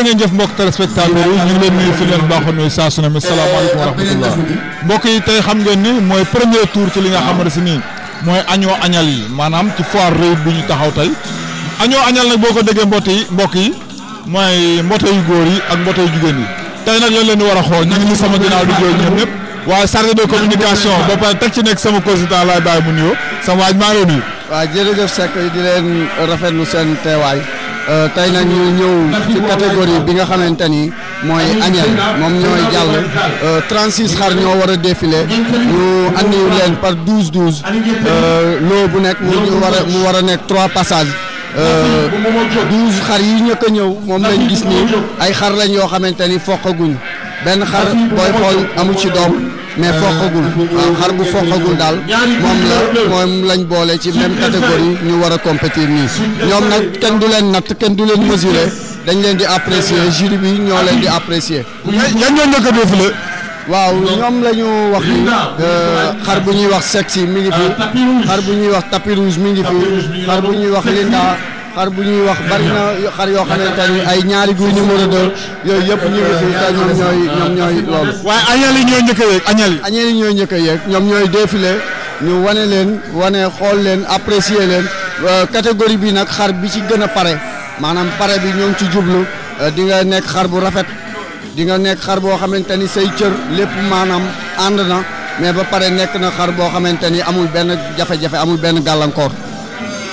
da ngeen jëf mbokk téléspectateur yi ñu ngi leen nuyu fi leen baaxoon nuyu saa su mi salaamaaleykum wa rahmatullah mbokk yi tey xam ngeen ni mooy premier tour ci li nga xamante si nii mooy añoo añal yi maanaam ci foire réew bu ñu taxaw tey añoo añal nag boo ko déggee mbott yi mbokk yi mooy mboto yu góor yi ak mboto yu jigéen yi tey nag loolu leen di war a xool ñu ngi ni sama ginnaaw di jooy ñoom ñëpp waaye chargé de communication ba pare teg ci nekk sama consultant laay bàyyi mu nuyoo sama waaj maa ngi lay nuyu. waaw jërëjëf Seck di seen teewaay Euh, tey nag ñu ñëw ci catégorie bi nga xamante ni mooy agnelle moom ñooy jàll 36 euh, xar ñoo war a défilé ñu andi leen par 12 12 euh, loo bu nekk mu ñu war a nekk trois passages. douze xar yi ñëkk a ñëw moom lañ gis nii ay xar lañ yoo xamante ni foqaguñ benn xar booy xool amu ci doom mais foqagul waaw xar bu foqagul daal moom la moom lañ boole ci même catégorie ñu war a compétir nii ñoom nag kenn du leen natt kenn du leen mesurer dañ leen di apprécier jury bi ñoo leen di apprécier. yan ñoo njëkk a défilé. waaw ñoom la ñu wax ni euh, xar bu ñuy wax sexy mi ngi fi xar bu ñuy wax tapis rouge mi ngi fi xar bu ñuy wax linda. xar bu ñuy wax bari na xar yoo xamante ni ay ñaari guy numéro 2 yooyu yëpp ñu ngi fi te ñoom ñooy ñoom ñooy loolu. waaye añeel yi ñooy njëkk a yeeg añeel yi. yi ñooy njëkk a ñoom ñooy défilé ñu wane leen wane xool leen apprécier leen euh, catégorie bi nag xar bi ci gën a pare maanaam pare bi ñoo ci jublu euh, di nga nekk xar bu rafet di nga nekk xar boo xamante ni say cër lépp maanaam ànd na mais ba pare nekk na xar boo xamante ni amul benn jafe-jafe amul benn gàllankoor.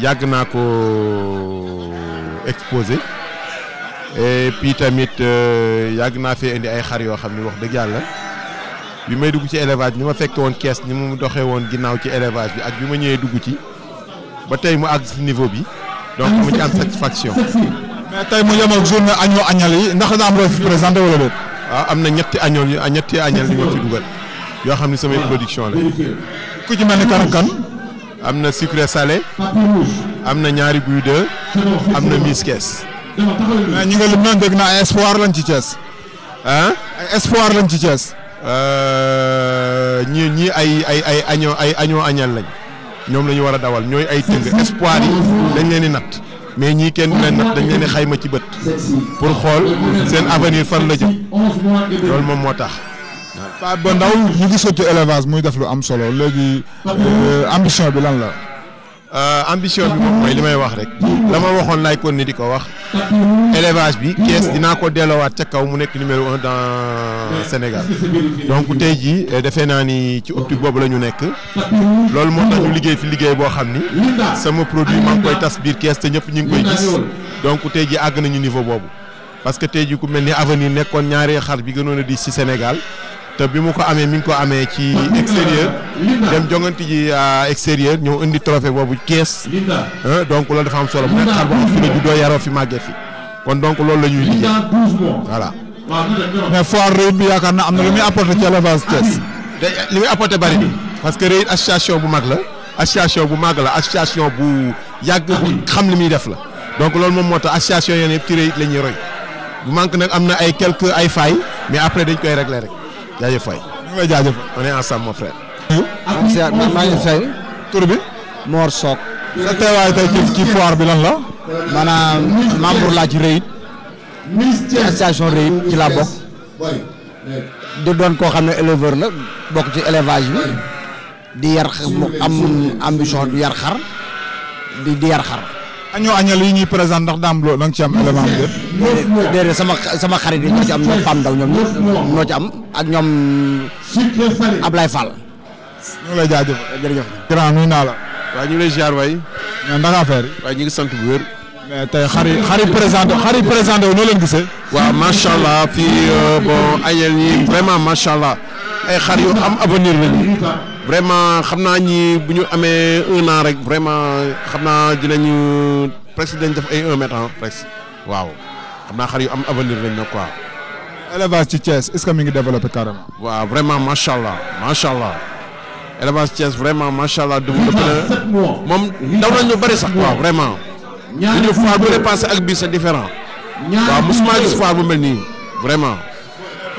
yàgg naa ko exposé et puis tamit euh, yàgg naa fee indi ay xar yoo xam ni wax dëgg yàlla bi may dugg ci élevage ni ma fekke woon kees ñu mu doxee woon ginnaaw ci élevage bi ak bi ma ñëwee dugg ci ba tey mu àgg si niveau bi donc mu ci am satisfaction. mais tey mu yem ak journée añoo añal yi ndax daa am loo présenté wala déet. waaw ah, am na ñetti añool ñetti añal yi ma fi dugal yoo xam ni samay production la. ku ci mel ni kan am na sucré sale am na ñaari guy de. am na miss kees. mais ñi nga lim noonu dégg naa ay espoir lañ ci Thiès. ah ay espoir lañ ci Thiès. Euh, ñi ñii ay ay ay añoo ay añoo añal lañ ñoom lañu war a dawal ñooy ay tëng espoir yi dañ leen di nat mais ñii kenn leen natt dañ leen di xayma ci bët pour xool seen avenir fan la jëm loolu moom moo tax. Pape Ba Ndaw ñu ngi sottu élevage muy def lu am solo léegi euh, ambition bi lan la. Euh, ambition bi moom mooy li may wax rek la ma waxoon laay kon ni di ko wax élevage bi kees dinaa ko delloowaat ca kaw mu nekk numéro un dans Sénégal donc tey ji euh, defe naa ni ci optique boobu la ñu nekk loolu moo tax ñu liggéey fi liggéey boo xam ni sama produit maa koy tas biir kees te ñëpp ñu ngi koy gis donc tey jii àgg nañu niveau boobu parce que tey jii ku mel ni avenir nekkoon ñaari xar bi gënoon a di ci Sénégal te bi mu ko amee mi ngi ko amee ci extérieur dem jongante ji euh, extérieur ñëw indi trophée boobu kees euh, donc loolu dafa am solo mu nekk xar bu am fi la juddoo kon donc loolu la ñuy liggéey voilà mais foire réew bi yaakaar na am na lu muy ci élevage Thiès li muy bari parce que réew bu mag la association bu mag la association bu yàgg xam li muy def la donc loolu moom moo tax association yéen yëpp ci réew la ñuy roy bu manque nag am na ay quelques ay failles mais après dañ koy régler rek jaajëf Faye. ñu ngi lay jaajëfal. on ensemble frère. ak ah, ah, maa ngi fay. tur bi. Mor Sock. sa teewaay tey ci ci bi lan la. maanaam membre laa ci REIT. association REIT ci laa bokk. di doon koo xam ne éleveur na bokk ci élevage bi. di yar am ambition di yar xar. di di yar xar. añoo añal yi ñuy présent ndax daam loo danga ci am élément bi déedéet sama sama xarit yi ñoo am ñoom Pam Ndaw ñoom ñëpp ci am ak ñoom Ablaye Fall ñu ngi lay jaajëfal jërëjëf grand nuyu naa la waa ñu lay ziar waay mais ndax affaire yi waaye ñu ngi sant bu wér mais tey xar yi xar yi présenté xar yi wu noo leen gise waa macha allah fii euh, bon añal ñi vraiment macha allah ay xar yu am avenir lañu vraiment xam ñi un an rek vraiment xam naa dinañu presque def ay un mètre hein, presque waaw xam naa xar yu am avenir lañ quoi. élevage ci Thiès est-ce que mi ngi développé carrément. waaw vraiment macha allah macha allah élevage Thiès vraiment macha allah venu. na moom daw nañu bëri sax waaw vraiment. ñaari fois bu dépassé ak bii je différent. waaw mosuma gis fois bu mel vraiment.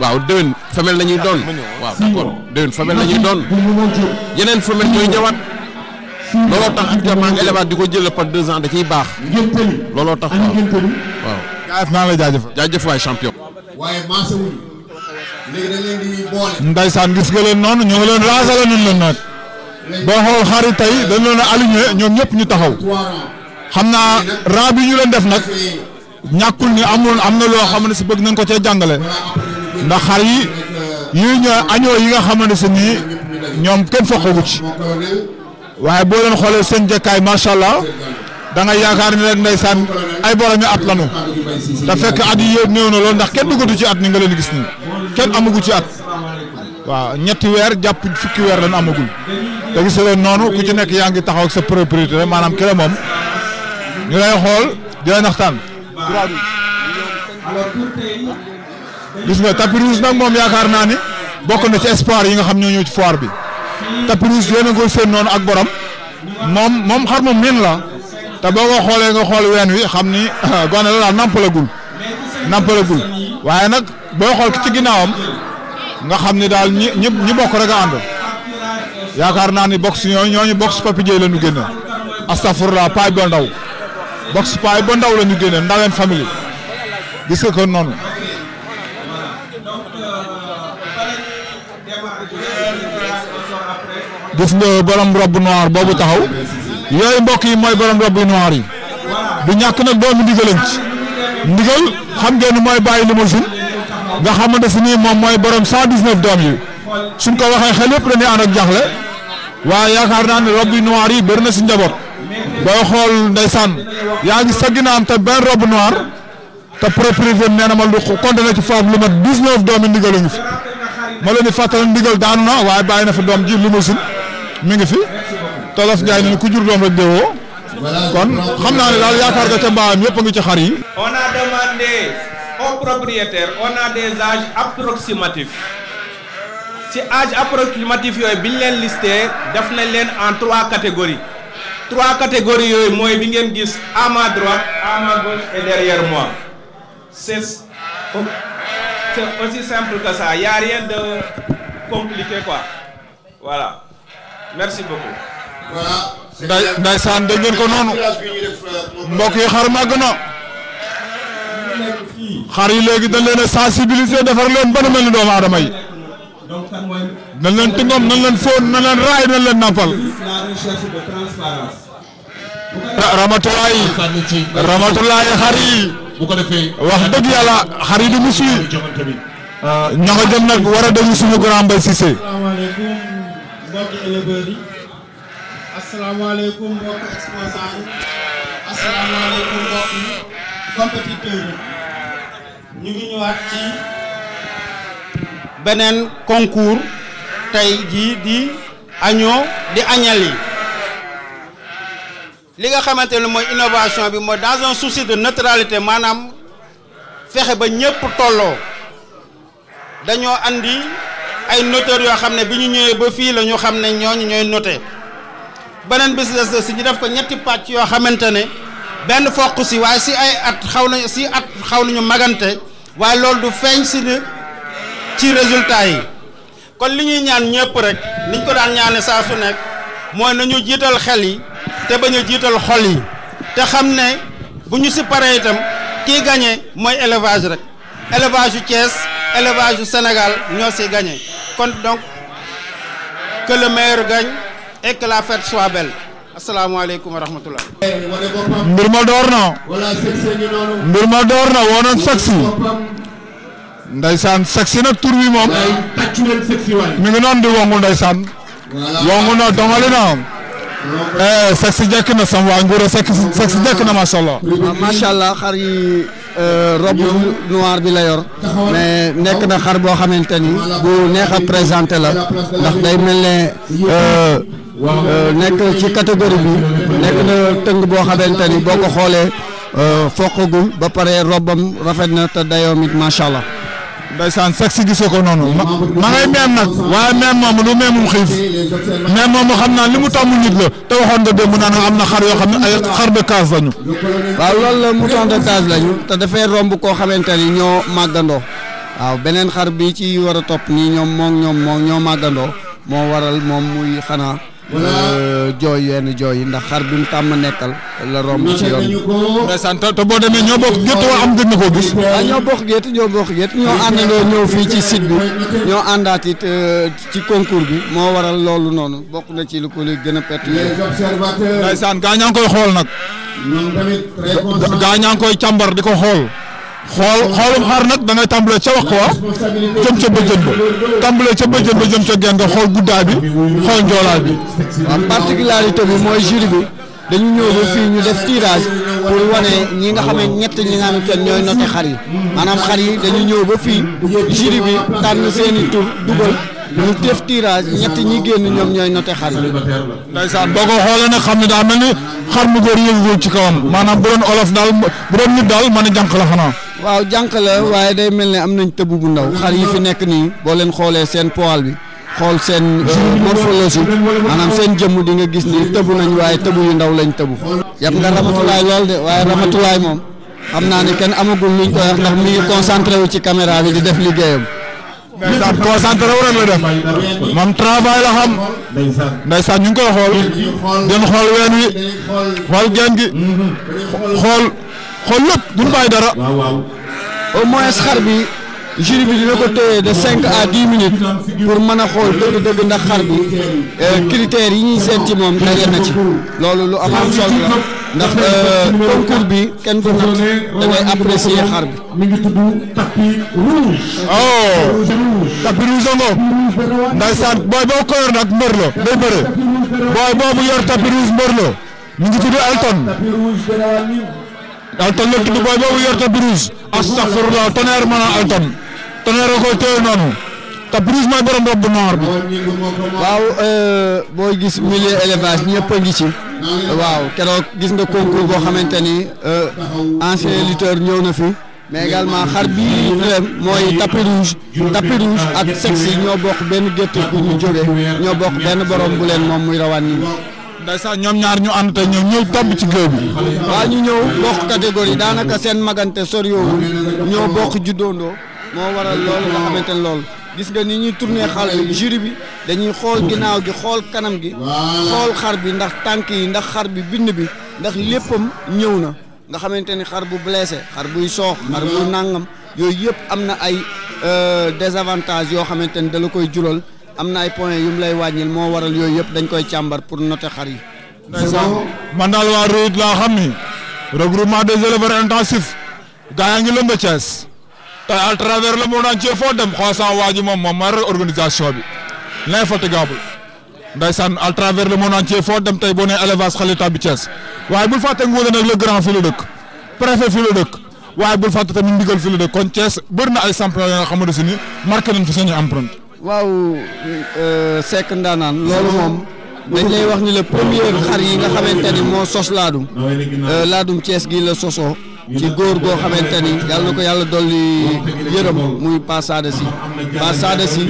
waaw déwén femelle la ñuy doon. waaw d'accord déwén femelle la ñuy doon yeneen femelle ñooy ñëwaat. looloo tax actuellement élevage di ko jël par deux ans da ciy baax. looloo tax waaw waaw. jaajëf naa la jaajëfal. jaajëf waay champion. waaye maase wuñu léegi leen di boole. Ndeysaan gis nga leen noonu ñoo ngi leen raasale nañ leen nag. boo xool xari tey dañ leen a aligné ñoom ñëpp ñu taxaw. xam naa raa bi ñu leen def nag. ñàkkul ni amoon am na loo xam ne si bëgg nañ ko cee jàngale. ndax xar yi yi ñu añoo yi nga xamantene si nii ñoom kenn foqagu ci waye bo leen xolé seen jëkkaay macha allah da nga yaakar ni rek ndaysan ay borom ñu at lanu fekk at yi yëpp néew ndax kenn duggatu ci at ni nga leen gis ni kenn amugu ci at wa ñetti wër japp fukki wër lan amagul da gis leen nonu ku ci nekk yaangi taxaw ak sa propriété maanaam kii la ñu lay xol di leen waxtaan. gis nga tapis nag moom yaakaar naa ni bokk na ci espoir yi nga xam ñoo ñëw ci bi tapis rouge na a ngi koy ak borom moom moom xar mu miin la te boo ko xoolee nga xool ween wi xam ni gone la daal nampalagul nampalagul waaye nag boo xool ci ginnaawam nga xam ni daal ñi ñi ñi bokk rek a ànd yaakaar naa ni box ñooñu ñooñu box Papi Dieye la ñu génne la paay ba ndaw box paay ba ndaw la ñu génne ndaween famille gis nga ko noonu. gis nga borom robe noir boobu taxaw yooyu mbokk yi mooy borom robe noir yi du ñàkk nag doomu ndigalam ci ndigal xam ngeen ni mooy bàyyi limousine nga xamante si nii moom mooy borom 119 doom yi suñ ko waxee xel yëpp dañuy ànd ak jaaxle waaye yaakaar naa ne robe noir yi bëri na si njaboot booy xool ndeysaan yaa ngi sa ginnaaw am te benn robe noir te propriétaire nee na ma lu compté na ci foofu lu mat 19 doomi ndigal a fi ma leen di fàttali ndigal daanu na waaye bàyyi na on a demandé aux propriétaires, on a des âges approximatifs Si âge approximatif ils sont ñu def en trois catégories trois catégories bi à ma droite à ma gauche et derrière moi c'est aussi simple que ça il n'y a rien de compliqué voilà. merci beaucoup. voilà. ndeysaan dégg ngeen ko noonu. Euh, mbokk yi xar màgg na. xar yi léegi dañ leen a sensibiliser defar leen ba nu mel ni doomu aadama yi. nañ leen tingom nañ leen fóon nañ raay nañ leen ramatulaay ramatulaay xar wax dëgg yàlla xar yi du musu yi. ña nga jëm nag war a dem suñu mbokki éleveurs yi asalaamaaleykum ci beneen concours tey jii di agneau di agnelle yi li nga xamante ne mooy innovation bi mooy dans un naturalité maanaam fexe ba ñépp tolloo dañoo andi ay noteur yo xamné biñu ñëwé ba fi la ñu xam ne ñooñu noté beneen business la ci ñu def ko ñetti patch yo xamantene ne benn foq si waaye si ay at xaw nañu si at xaw nañu magante waaye loolu du feñ ci ci résultat yi kon li ñuy ñaan ñëpp rek niñ ko daan ñaané sa su nek moy nañu jital xel yi té bañ jital xol yi té xamné buñu ci paré itam kii gagné moy élevage rek élevage yu Thiès élevage du Sénégal ñoo ci gagné. kon donc que le meilleur gagne la fête soit belle asalaamaaleykum wa rahmatullah. ma door na. mbir ma door na woonoon sax si. ndaysaan sax si nag tur bi moom. mi ngi noonu di wongu ndaysaan. wongu na dongali na. Eh, sax si jekk na sama waa Nguro sax si jekk na macha allah. Ah, macha allah xar yi eh, robe noir bi la yor mais nekk na xar boo xamante ni bu neex a présenté la ndax day mel ne eh, nekk ci catégorie bi nekk na tëng boo xamante ni boo ko xoolee foq foqagul ba pare robam rafet na te dayoom it allah. baysaan sax si gisoo ko noonu ma ma ngay meem nag waaye meem moom lu meemum xiif meem moom xam naa li mu tàmm nit la te waxoon nga démb naa am na xar yoo xam ne ay xar de case lañu. waaw loolu la mouton de case lañu te dafay romb koo xamante ni ñoo màggandoo waaw beneen xar bi ci war a topp nii ñoom moom ñoom moom ñoo màggandoo moo waral moom muy xanaa. Euh, jooy yenn jooy yi ndax xar bi mu tàmm nekkal la romb ci yoon ndeysaan te boo demee ñoo bokk gétt waa am gën na koo gis waaw ah, ñoo bokk gétt ñoo bokk gétt ñoo àndandoo ñëw fii ci site bi ñoo àndaat it euh, ci concours bi moo waral loolu noonu bokk na ci lu ko li gën a pett ndeysaan gaa ñaa ngi koy xool nag gaa ñaa ngi koy càmbar di ko xool xool xoolum xar nag da ngay tàmbalee ca wax wa jëm ca bëjën ba tàmbalee ca bëjën ba jëm ca genn nga xool guddaay bi xool njoolaay bi. waaw particularité bi mooy jury bi dañu ñëw ba fii ñu def tirage pour wane ñi nga xam ne ñett ñi nga xamante ne ñooy noté xar yi maanaam xar yi dañu ñëw ba fii jury bi tànn seeni tur dugal. ñu def tirage ñetti ñi génn ñoom ñooy noté xar yi. ndeysaan boo ko xoolee nag xam ne daa mel ni xar mu góor yëngu ci kawam maanaam bu doon olof daal bu doon nit daal man a jànq la xanaa. waaw jànq la waaye day mel ne am nañ tëbu bu ndaw xar yi fi nekk nii boo leen xoolee seen poil bi. xool seen morphologie maanaam seen jëmm di nga gis ni tëbu nañ waaye tëbu yu ndaw lañ tëbu yàpp nga ramatulaay lool de waaye ramatulaay moom xam naa ne kenn amagul luñ koy ndax mi ngi concentré ci caméra bi di def liggéeyam ndeysaan concentré waroon la def moom travail la xam ndeysaan ñu ngi koy xool den xool ween wi xool geen gi xool xool lépp duñ bàyyi dara au moins xar bi jury bi dina ko téye de cinq a dix minutes pour mën a xool dëgg-dëgg ndax xar bi euh, critères yi ñuy seet ci moom daje na ci loolu lu am am la ndax euh, concours bi kenn ko nat da ngay apprécier xar bi. tapis rouge ngo ndaysaan booy boo ko nag mbër la day bëre booy boobu yor tapis mbër la ñu ngi tudd Elton Elton la tudd booy boobu yor tapis rouge astafurlah tonnerre maanaam Elton tonnerre ko téye noonu tapis borom robe bu noir bi. waaw euh, booy gis milieu élevage ñëpp ngi ci. waaw keroog gis nga concours boo xamante ni euh, ancien lutteur ñëw na fi. mais également xar bi mooy tapis rouge ak sexe yi ñoo bokk benn gétt bu ñu jógee ñoo bokk benn borom bu leen moom muy rawaan nii. ndeysaan ñoom ñaar ñu ànd tey ñëw ñëw tomb ci géew bi. waaw ñu ñëw bokk catégorie daanaka seen magante soriwul ñoo bokk juddoondoo moo waral loolu nga xamante ne gis nga ni ñuy tourner xar bi jury bi dañuy xool ginnaaw gi xool kanam gi xool xar bi ndax tànk yi ndax xar bi bind bi ndax léppam ñëw na. nga xamante ni xar bu blessé xar buy soox xar buy nàngam yooyu yëpp am na ay euh, désavantages yoo xamante ni da koy jural am na ay points yu mu lay wàññil moo waral yooyu yëpp dañ koy càmbar pour note xar yi. man daal waa REIT laa xam ni regroupement des éleveurs intensifs gaa yaa ngi lëmb Thiès te à travers le monde entier foo dem xool sama waa ji moom moom mooy organisation bi l'infatigable. ndaysaan à travers le monde entier foo dem tey boo nee élevage xale tàbbi Thiès waaye bul fàtte Ngouda nag le grand fi la dëkk préfet fi la dëkk waaye bul fàtte tamit ndigal fi la dëkk kon Thiès bëri na ay champion yoo nga xamante si ni marqué nañ fi seen empreinte. Euh, moom. dañ lay wax ni le premier xar yi nga xamante moo sos laadum euh, laadum Thiès gi la sosoo ci góor goo xamante ni yàlla na ko yàlla dolli yërëm muy Passada si Passada si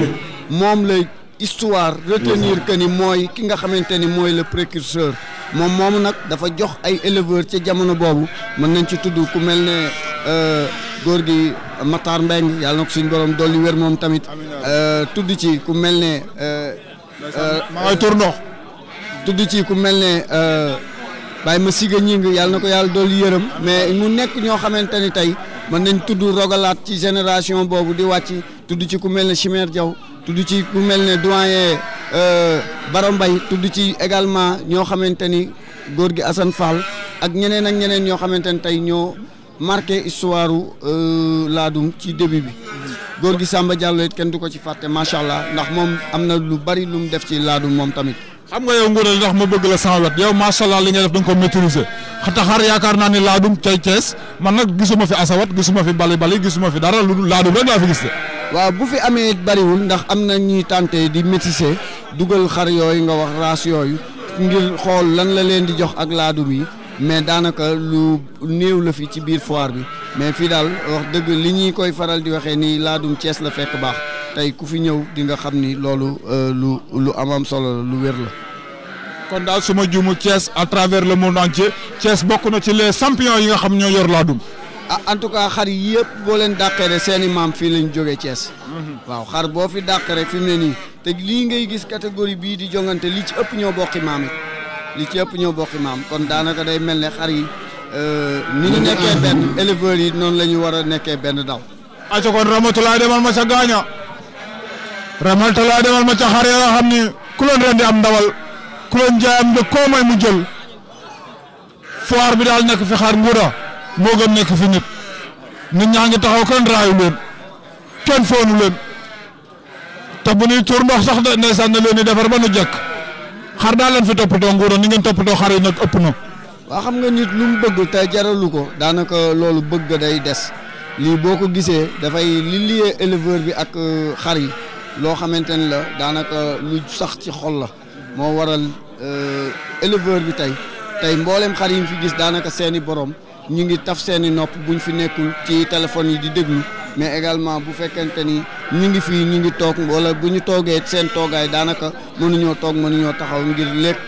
moom lay. histoire retenir que ni moy ki nga xamanteni moy le précurseur mom mom nak dafa jox ay éleveurs ci jamono bobu man nañ ci tudd ku mel euh góor gi Matar Mbeng yalla nako ko suñ borom doli wér mom tamit euh tudd ci ku mel euh maa ngay tur tudd ci ku mel euh bàyyi ma siga ñi yalla yàlla na ko yàlla mais mu nekk ño xamanteni tay man mën nañ tudd rogalat ci génération bobu di wacc tudd ci ku mel Chimère Diaw tudd ci ku mel ne doyen euh, Bara Mbaye tudd ci également ñoo xamante ni góor gi Assane Fall ak ñeneen ak ñeneen ñoo xamante ni tey ñoo marqué histoire euh, Ladoum ci début bi góor gi sàmba Diallo kenn du ko ci fàtte macha allah ndax moom am na lu bari lu def ci Ladoum moom tamit. xam nga yow Ngoné li ma bëgg la sama wet yow macha allah li nga def da nga ko maîtriser taxar yaakaar naa ne laadum cay Cees man nag gisuma fi asawat gisuma fi bali bali gisuma fi dara lu laadum rek laa fi gis de. waaw bu fi amee bariwul ndax am na ñuy tànte di métissé dugal xar yooyu nga wax raas yooyu ngir xool lan la leen di jox ak laadum yi mais daanaka lu néew la fi ci biir foire bi mais fii daal wax dëgg li ñuy koy faral di waxee nii laadum Cees la fekk baax tey ku fi ñëw di nga xam ni loolu euh, lu lu amam solo la lu wér la. kon daal su ma juumu Cees à travers le monde entier Cees bokk na ci les champions yi nga xam ñoo yor laadum. ah en tout cas xar yëpp boo leen dàqee rek maam fii lañ jóge cees mhm. waaw xar boo fi dàq rek fi mu ne nii te lii ngay gis catégorie bii di jongante li ci ëpp ñoo bokki maam it li ci ëpp ñoo bokki maam kon daanaka day mel ne xar yi euh, nekkee benn éleveurs yi noonu la war a nekkee benn daw aca kon ramatulaa demal ma ca gaaña ramatulaa demal ma ca xar ni ku loon am ndawal ku loon jaay may mu jël foire bi daal nekk fi xar nguura moo gën nekk fi nit nit ñaa ngi taxaw kenn raayu leen kenn foonu leen te bu ñuy tuur ndox sax ndeysaan na leen di defar ba nu jekk xar da len fi toppatoo ngoro ni ngeen toppatoo xar yi nak ëpp na. waa xam nga nit lu mu bëgg tay jaralu ko daanaka lolu bëgg day dess li boko gisee da fay li lié éleveur bi ak euh, xar yi lo xamantene la daanaka lu sax ci xol la mo waral euh, éleveur bi tay tay mboolem xar yi fi gis seeni borom ñi ngi taf seeni nopp buñ fi nekkul ci téléphone yi di déglu. mais également bu fekkente ni ñu ngi fii ñu ngi toog wala bu ñu toogee seen toogaay daanaka mënuñoo toog mënuñoo taxaw ngir lekk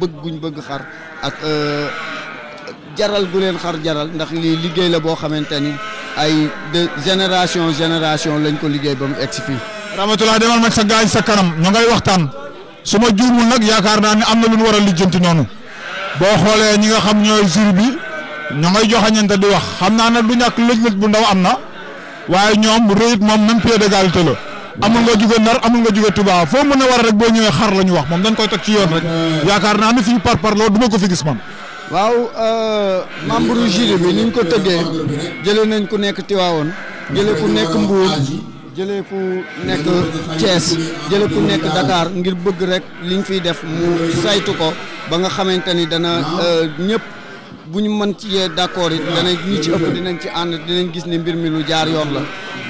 bëgg guñ bëgg xar ak euh, jaral gu leen xar jaral ndax lii liggéey la boo xamante ni ay de génération génération lañ ko liggéey ba mu egsi fii. Rahmatoulaye demal ma sa gaay sa kanam ñu ngay waxtaan su ma juumul nag yaakaar naa ne am na lu ñu war a lijjanti noonu boo xoolee ñi nga xam ñooy jur bi ñu ngay joxañante di wax xam naa ne du ñàkk lëj bu ndaw am na. waaye ñoom réyit moom même pied d'égalité la amul nga jugé nar amul nga jugé tuba fo mëna war rek bo ñëwé xar lañu wax mom dañ koy tok ci yoon rek yaakar na ni fii par parlo du ma ko fi gis man euh membre jury bi niñ ko teggé jëlé nañ ku nekk tiwaawon jëlé ku nekk Mbuur jëlé ku nekk Thiès jëlé ku nekk Dakar ngir bëgg rek liñ fi def mu saytu ko ba nga xamanteni dana euh, ñëpp bu ñu mën ci yee d'accord it danañ ñi ci ëpp dinañ ci ànd dinañ gis ni mbir mi lu jaar yoon la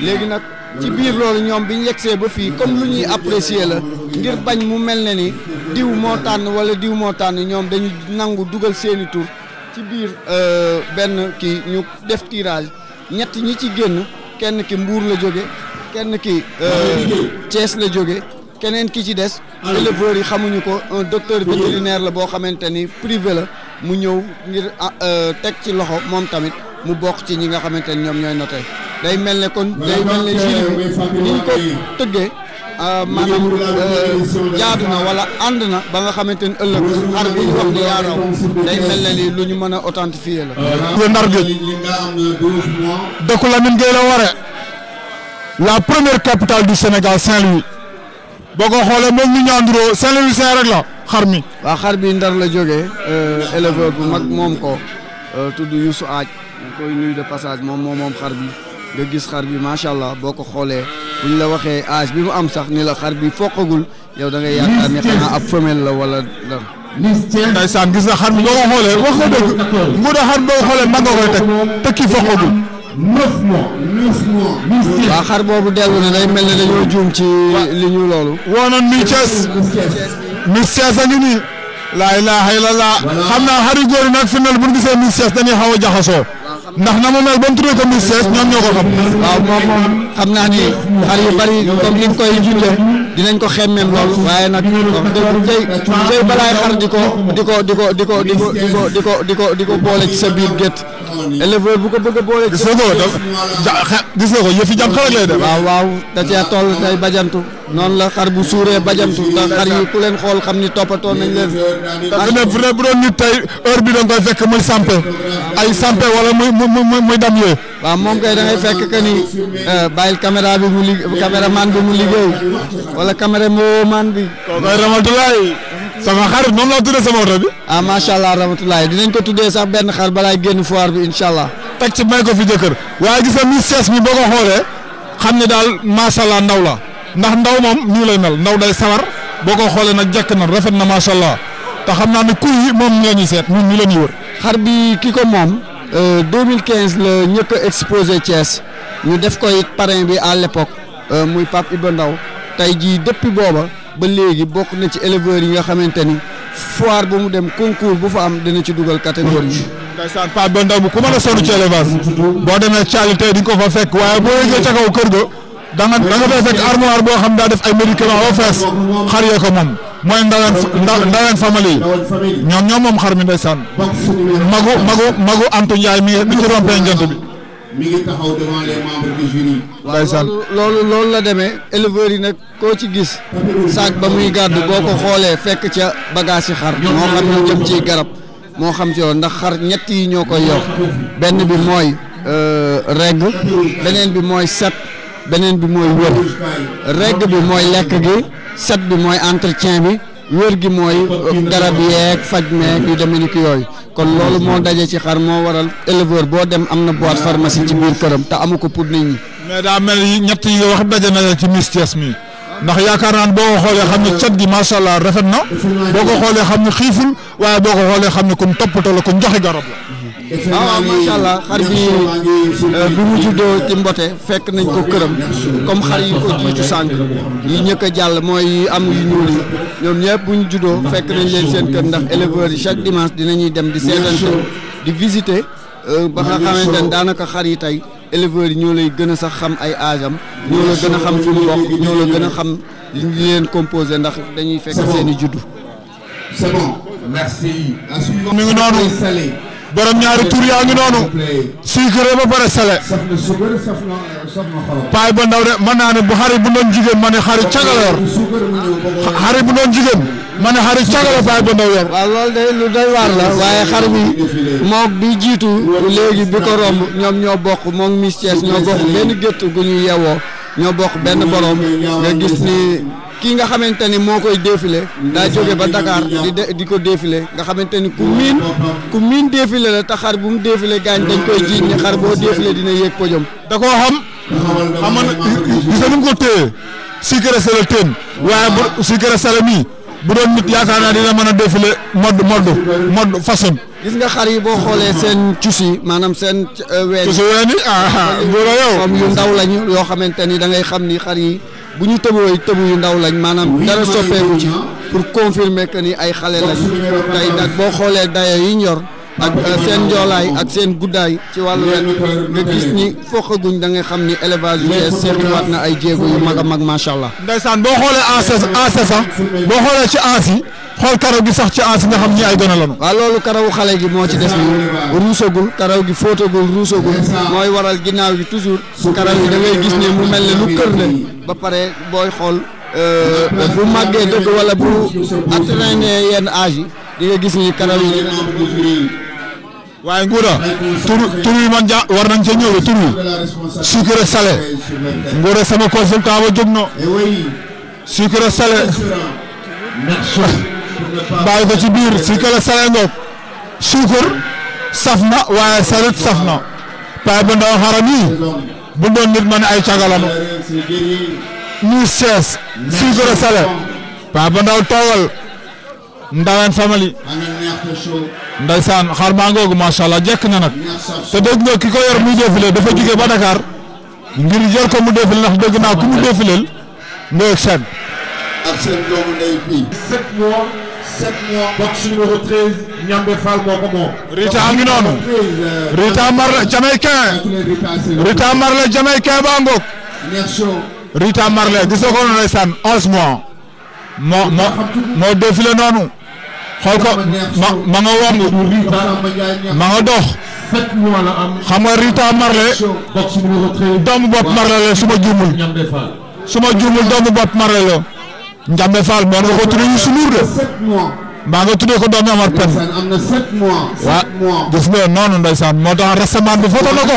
léegi nag ci biir loolu ñoom bi ñu yegsee ba fii comme lu ñuy apprécier la ngir bañ mu mel na ni diw moo tànn wala diw moo tànn ñoom dañu nangu dugal seeni tur ci biir euh, benn kii ñu def tirage ñett ñi ci génn kenn ki Mbuur la jóge kenn ki euh, Thiès la jóge keneen ki ci des éleveurs yi xamuñu ko un docteur vétérinaire la boo xamante ni privé la mu ñëw ngir ah, euh, teg ci loxo moom tamit mu bokk ci ñi nga xamante ne ñoom ñooy noté day mel ne kon day mel ne jury ni ñu ko tëggee ah, maanaam euh, jaadu na wala ànd na ba nga xamante ni ëllëg xar bi wax ni yaa day mel ne ni lu ñu mën a authentifier la. yéen Ndar Géej dëkku Lamine Gueye la ware la première capitale du Sénégal Saint-Louis boo ko xoolee moom ñu ñaanduroo Saint-Louis rek la. xar mi. waaw xar bi ndar la jógee euh, éleveur bu mag moom ko euh, tudd Yusu Aaj moom moom moom xar bi nga gis xar bi macha allah boo ko xoolee bu la waxee âge bi mu am sax ni la xar bi foqagul yow da ngay yaakaar ne xanaa ab femelle la wala lan. ndeysaan gis nga xar mi boo ko xoolee wax nga dëgg nguuda xar boo ko xoolee mën a koy teg te kii foqagul. waaw xar boobu dellu na day mel ne dañoo juum ci li ñu loolu. woonoon mi Miss Thiès a ngi nii. laa ilaaha illallah. xam naa xari góor yi nag fi mu ne bu ñu gisee xaw a jaxasoo. ndax na mu mel ba mu tuddee ko Miss Thiès ñoom ñoo ko xam. waaw moom moom xam naa ni xar bari comme ni koy junjee dinañ ko xemmeem lool waaye nag wax dëgg tey tey balaay xar di ko di ko di ko di ko di ko di ko di ko di ko boole ci sa biir gétt. éleveur bu ko bëgg a boole. gis nga ko gis nga ko yëf yi jàpp lay def. waaw waaw da cee toll day bajantu. noonu la xar bu suuree bajantu ndax xar yi ku leen xool xam ni toppatoo nañ leen. parce que fu ne bu doon nit tey heure bi da nga koy fekk muy sampe ay sampe wala muy muy muy dam yee. waaw moom kay da ngay fekk que ni euh, bàyyil caméra bi mu lig caméraman bi mu liggéey wala caméraman bi. kooku ay Ramatoulaye. sama xar noonu laa tuddee sama oto bi. ah macha allah rahmatulah dinañ ko tuddee sax benn xar balaay génn foire bi incha allah. teg ci may ko fi jëkkër waaye gis nga mi sees mi boo ko xoolee xam ne daal macha allah ndaw la ndax ndaw moom nii lay mel ndaw day sawar boo ko xoolee nag jekk na rafet na macha allah te xam naa ne kuy moom la ñuy seet ñun ñu la ñuy wër. xar bi ki ko moom. 2015 euh, la ñëkk a exposé Thiès ñu def koy it bi à l'époque euh, muy Pape Iba Ndaw tey jii depuis booba. ba léegi bokk na ci éleveurs yi nga xamante ni foire bu mu dem concours bu fa am dina ci dugal catégorie yi. ndeysaan Pape Ba Ndaw bu ku mën a sonn ci élevage boo demee Thiali tey di nga ko fa fekk waaye boo yeggee ca kaw kër ga da nga da nga fekk armoire boo xam daa def ay médicament ba fees xar yee ko moom mooy ndaween ndaween famille yi ñoom ñoom moom xar mi ndeysaan magu magu magu Antu Njaay mi ci rompee njënt bi. mi loolu loolu la demee éleveurs yi nag koo ci gis saak ba muy gàdd boo ko xoolee fekk ca bagage yi xar moo xam ñu jëm ci garab moo xam ci yoon ndax xar ñett yi ñoo koy yor benn bi mooy euh, regg beneen bi mooy set beneen bi mooy wër regg bi mooy lekk gi set bi mooy entretien bi wër gi mooy euh, garab yeeg faj meeg yu demee ni ki yooyu kon loolu moo dajee ci xar moo waral éleveur boo dem am na boîte pharmacie ci biir këram te amu ko pour nit ñi. mais daa mel ñett yi nga wax daje na ci Miss Thiès mi. ndax yaakaar naan boo ko xoolee xam ne cat gi macha allah rafet na boo ko xoolee xam ne xiiful waaye boo ko xoolee xam ne comme toppatoo la comme joxe garab la. waaw ah, waaw macha allah xar bi euh, bi mu juddoo ci mbote fekk nañ ko këram comme xar yi ko jiitu sànq yi ñëkk a jàll mooy am yu ñuul yi ñoom ñëpp bu ñu juddoo fekk nañ leen seen kër ndax éleveurs yi chaque dimanche dinañuy dem di seetante di visité euh, ba nga xamante ne daanaka xar yi tey. éleveurs yi ñoo lay gën a sax xam ay âge am ñoo la gën a xam fi mu ñoo la gën a xam li leen composé ndax dañuy fekk seen i juddu. c'est bon merci. mi ngi noonu borom ñaari tur yaa ngi noonu. sucré ba pare salé. paay ba ndaw de mën naa ne bu xarit bu doon jigéen ma ne xarit cagaloor xarit bu doon jigéen. ma ne xaru cagala baay ba ndaw yor waaye xar bi moog bi jiitu léegi bi ko romb ñoom ñoo bokk moog Miss Thiès ñoo bokk benn gétt gu ñu yeewoo ñoo bokk benn borom nga gis ni kii nga xamante ni moo koy défilé daa jóge ba Dakar di di ko défile nga xamante ni ku miin ku miin défilé la te xar bu mu défilé gaañ dañ koy jiiñ ni xar boo défilé dina yéeg podium da koo xam xam na gis ko téye si kër sala teen waaye bu si kër sala bu doon nit yaakaar naa dina mën a défilé mode mode mode façon. gis nga xar yi boo xoolee seen cusi maanaam seen. Euh, ween cusi ween yi ah, ah, ah bu la yow. yu ndaw lañu yoo xamante ni da ngay xam ni xar yi bu ñu tëbooy tëbu yu ndaw lañ maanaam dara soppeeku ci pour confirmer que ni ay xale lañ tey nag boo xoolee dayo yi ñor. ak euh, seen njoolaay ak seen guddaay ci wàllu ren nga gis ni foqaguñ da xam ni élevage yu bees seexiwaat na ay jéego yu mag mag macha allah. ndeysaan boo xoolee anse anse sax boo xoolee ci anse yi xool karaw gi sax ci anse nga xam ñi ay gone lañu. waaw loolu karawu xale gi moo ci des nii ruusagul karaw gi fóotagul ruusagul mooy waral ginnaaw gi toujours karaw gi da gis ne mu mel ni lu kër la ba pare booy xool euh, bu màggee dëgg wala bu atteindre yenn âge yi di nga gis ni karaw yi. waaye Ngouda tur tur yi man ja war nañ cee ñëw tur yi sucre salé Ngouda sama consultant ba jóg na sucre salé bàyyi ko ci biir sucre salé ngoog sucre saf na waaye salut saf na paa bu ndaw bu doon nit man ay cagalanu ñu sees sucre salé paa bu ndaw toogal Ndawen family ndaysaan xar maa ngoogu allah jekk na nag te dégg nga ki ko dafa jóge ba Dakar ngir yor ko mu défilé ndax Rita a Rita Marley Jamaïcain. Rita Marley Jamaïcain baa Rita Marley gisoo ko noonu ndaysaan 11 xool ko ma ma nga wong ma nga dox xam nga Rita Marley doomu bopp Marley la su ma juumul su ma juumul doomu bopp Marley la Njambe Fall moo nga ko tuddee Youssou Ndour de maa nga tuddee ko doomu Amar Pen waaw gis nga noonu ndeysaan moo na ko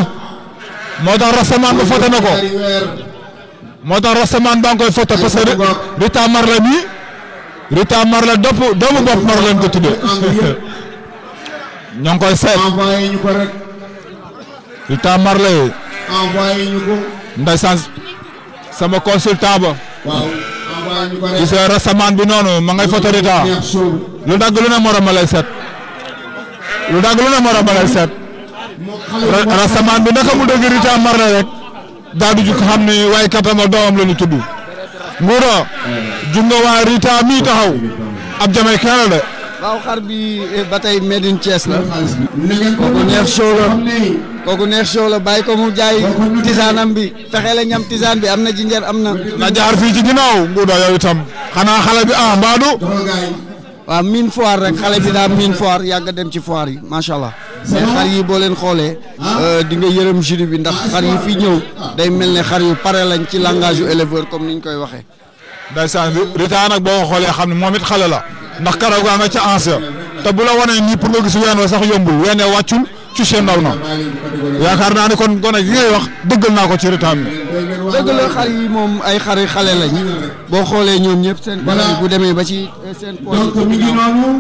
moo tax rassemblement bi foto na ko moo tax rassemblement baa ngi koy foto parce Rita Marley bi Rita Marley dopp doomu bopp Marley ko tuddee ñoo ngi koy seet Rita Marley ndeysaan sama consultant ba rasamaan bi noonu ma ngay foto Rita lu dagg lu ne morom ma ma seet rasamaan bi naka mu dëgg Rita Marley rek daa du juk xam katama doomam la ñu tudd Moura. junne waa Rita mii taxaw. ab jamay kaala de. waaw xar bi eh, ba tey Medine Thiès la. kooku neex show kooku neex show la bàyyi ko mu jaay tisaanam bi fexe ñam tisaan bi am na jinjeer am na. nga jaar fii ci ginnaaw Mbuuda yow itam. xanaa xale bi ah Mbadou. waaw miin foire rek xale bi daal miin foire yàgg dem ci foire yi macha seen xar yi boo leen xoolee ah. euh, di nga yërëm jury bi ndax xar yi fi ñëw day mel ni xar yu pare lañ ci langage yu éleveur comme ni ñu koy waxee ndeysaan ritaan nag boo xoolee xam ne moom it xale la ndax karaw gaa nga ca ancien te bu la wanee nii pour nga gis ween wa sax yombul weene wàccul ci seen Ndaw na yaakaar naa ne kon gone gi ngay wax dëggal naa ko ci retaam bi. dëgg la xar yi moom ay xari xale lañ boo xoolee ñoom ñëpp seen bu demee ba ci seen poche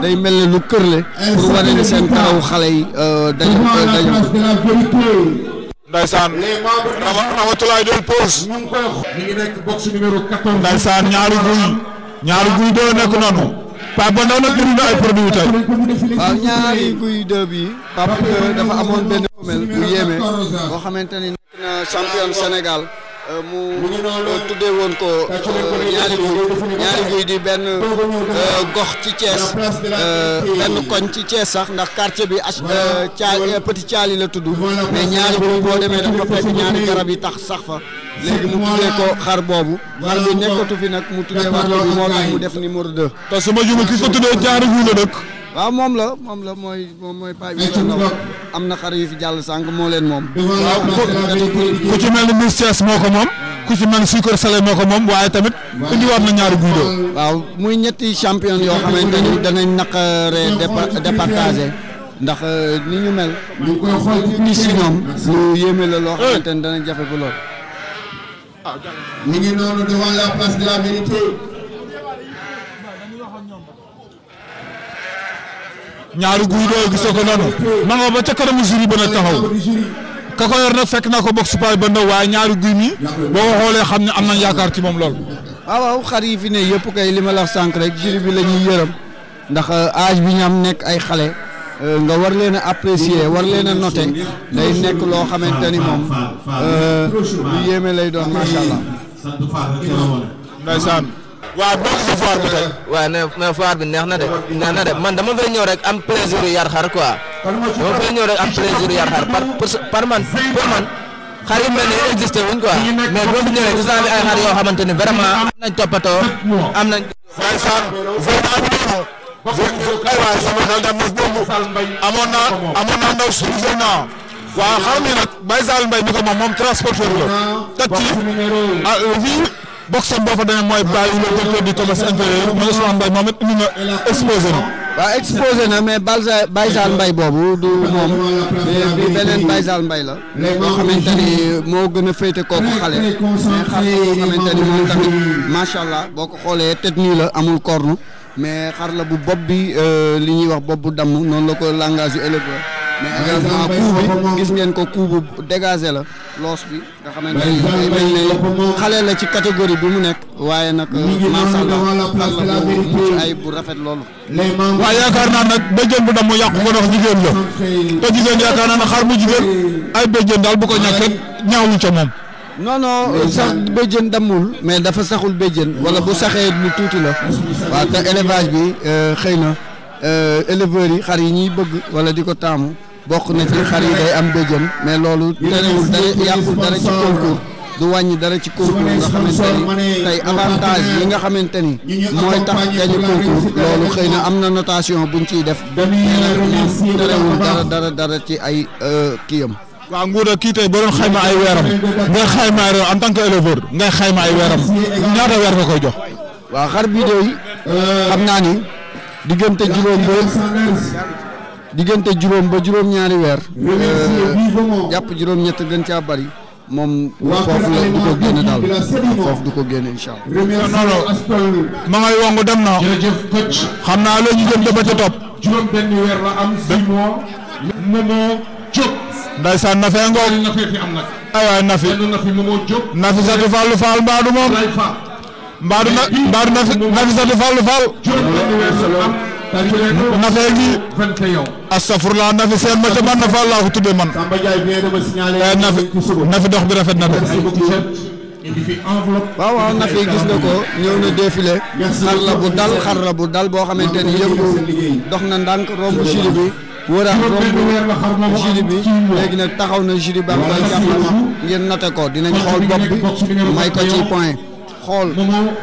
day mel ne lu kërle pour wane ne seen karaw xale yi dañ euh, dañ Ndaysaan Ramatulaay doon pause mi ngi nekk box numéro 14 Ndaysaan ñaari guy ñaari guy doo nekk noonu Pape Ba ndaw nag indi na ay produits tey. waaw ñaari guy dëb yi. Pape dafa amoon benn femelle bu yéeme boo xamante ni nekk na champion mu euh, tuddee woon ko euh, ñaari guy ñaari guy di benn euh, gox ci Thiès benn koñ ci Thiès sax ndax quartier bi ah caa petit caali la tudd mais ñaari guy boo demee dafa fekk ñaari garab yi tax sax fa léegi mu tuddee ko xar boobu xar bi nekkatu fi nag mu tuddee waat ko bi moo tax mu def numéro 2. te su ma jublu ki ko tuddee ñaari guy la dëkk. waaw moom la moom la mooy moom mooy paa bi am na xare yu fi jàll sànq moo leen moom. waaw ku ci mel ni Miss moo ko moom. Ah. ku ci man ni Sucre moo ko moom waaye tamit indiwaat na ñaari guudo. waaw muy ñetti champion yoo xamante ni danañ naqaree départagé. ndax euh, ni ñu mel. ñu koy xool ci lu yéeme la loo eh. xamante ni dana jafe bu lool. Ah, ñaari guy doo gisoo ko noonu ma a ba ca kanamu jury ba nag taxaw ka ko yor nag fekk naa ko box paay ba ndaw waaye ñaari guy mi boo ko xoolee xam ne am na yaakaar ci moom lool. waaw waaw xar yi fi ne yëpp kay li ma la sànq rek jury bi la ñuy yërëm ndax euh, âge bi ñu am nekk ay xale. Euh, nga war leen a apprécier war leen a noter day nekk loo xamante ni moom euh, lu yéeme lay doon macha allah. waaw noo na bi neex na de. neex na de man dama fay ñëw rek am plaisir yar xar quoi. dama fay ñëw rek am plaisir yar xar par par man pour man xar yu mel ne existé wuñ quoi mais boo fi ñëwee gis naa ay xar yoo xamante ni vraiment am nañ toppatoo am nañ. waaye Sane vraiment aywa sama xel daal mos boobu amoon naa amoon naa ndaw suñu zone boxam boo fa demee mooy bàyyi le directeur du commerce intérieur mooy Ousmane Mbaye moom it ñu nga exposé na. waaw exposé na mais Balza Bayzal Mbaye boobu du moom bi beneen Bayzal Mbaye la. boo xamante moo gën a féete kooku xale. mais xale boo xamante ni tamit macha allah boo ko xoolee tête nii la amul corne mais xar la bu bopp bi euh, li ñuy wax bopp bu damm noonu la ko langage yu vraiment bi gis ngeen ko coup bu dégagé la loos bi nga xamante ne xale la ci catégorie bi mu nekk waaye nag macha allah bu ay bu rafet loolu waaw yaakaar naa nag béjjén bu dam mu yàqu ko ndax jigéen la te jigéen yaakaar naa nag xar mu jigéen ay béjjén daal bu ko ñàkk rek ñaawlu ca moom non non sax béjjén damul mais dafa saxul béjjén wala bu saxee lu tuuti la waaw te élevage bi euh, xëy na euh, éleveurs yi xar yi ñuy bëgg wala di ko taamu bokk na ci xar yi am bëjëm mais loolu terewul dara yàqul dara ci concours du wàññi dara ci concours nga xamante ni tey avantage yi nga xamante ni mooy tax gañu concours loolu xëy na am na notation buñ ciy def mais terewul dara dara dara ci ay euh, kiyam waaw nguur kii tey boo doon xayma ay weeram nga xayma ay en tant que éleveur ngay xayma ay weeram ñaata weer nga koy jox waaw xar bii de xam naa ni diggante juróom ba diggante juróom ba juróom-ñaari weer. Euh, jàpp juróom-ñett gën caa bari. moom foofu la du ko génne daal foofu du ko génne incha allah. ma ngay wongu dem na. xam naa loolu ñu jëm dama ca topp. juróom benn weer la am. si mois. Momo Diop. ndaysaan na fee ngoog. na moom. Mbaadu na Mbaadu na fi na fi satu nafe gi astafurlah nafe seen ma ca man nafa allah tudde man nafe dox bi rafet na de waaw waaw nafe gis na ko ñëw na défilé xar la bu dal xar la bu dal boo xamante ni yëngu dox na ndànk romb sili bi wóoraat romb jili bi léegi nag taxaw na jili ba am koy jàppal ngeen nate ko dinañ xool bopp bi may ko ci point xool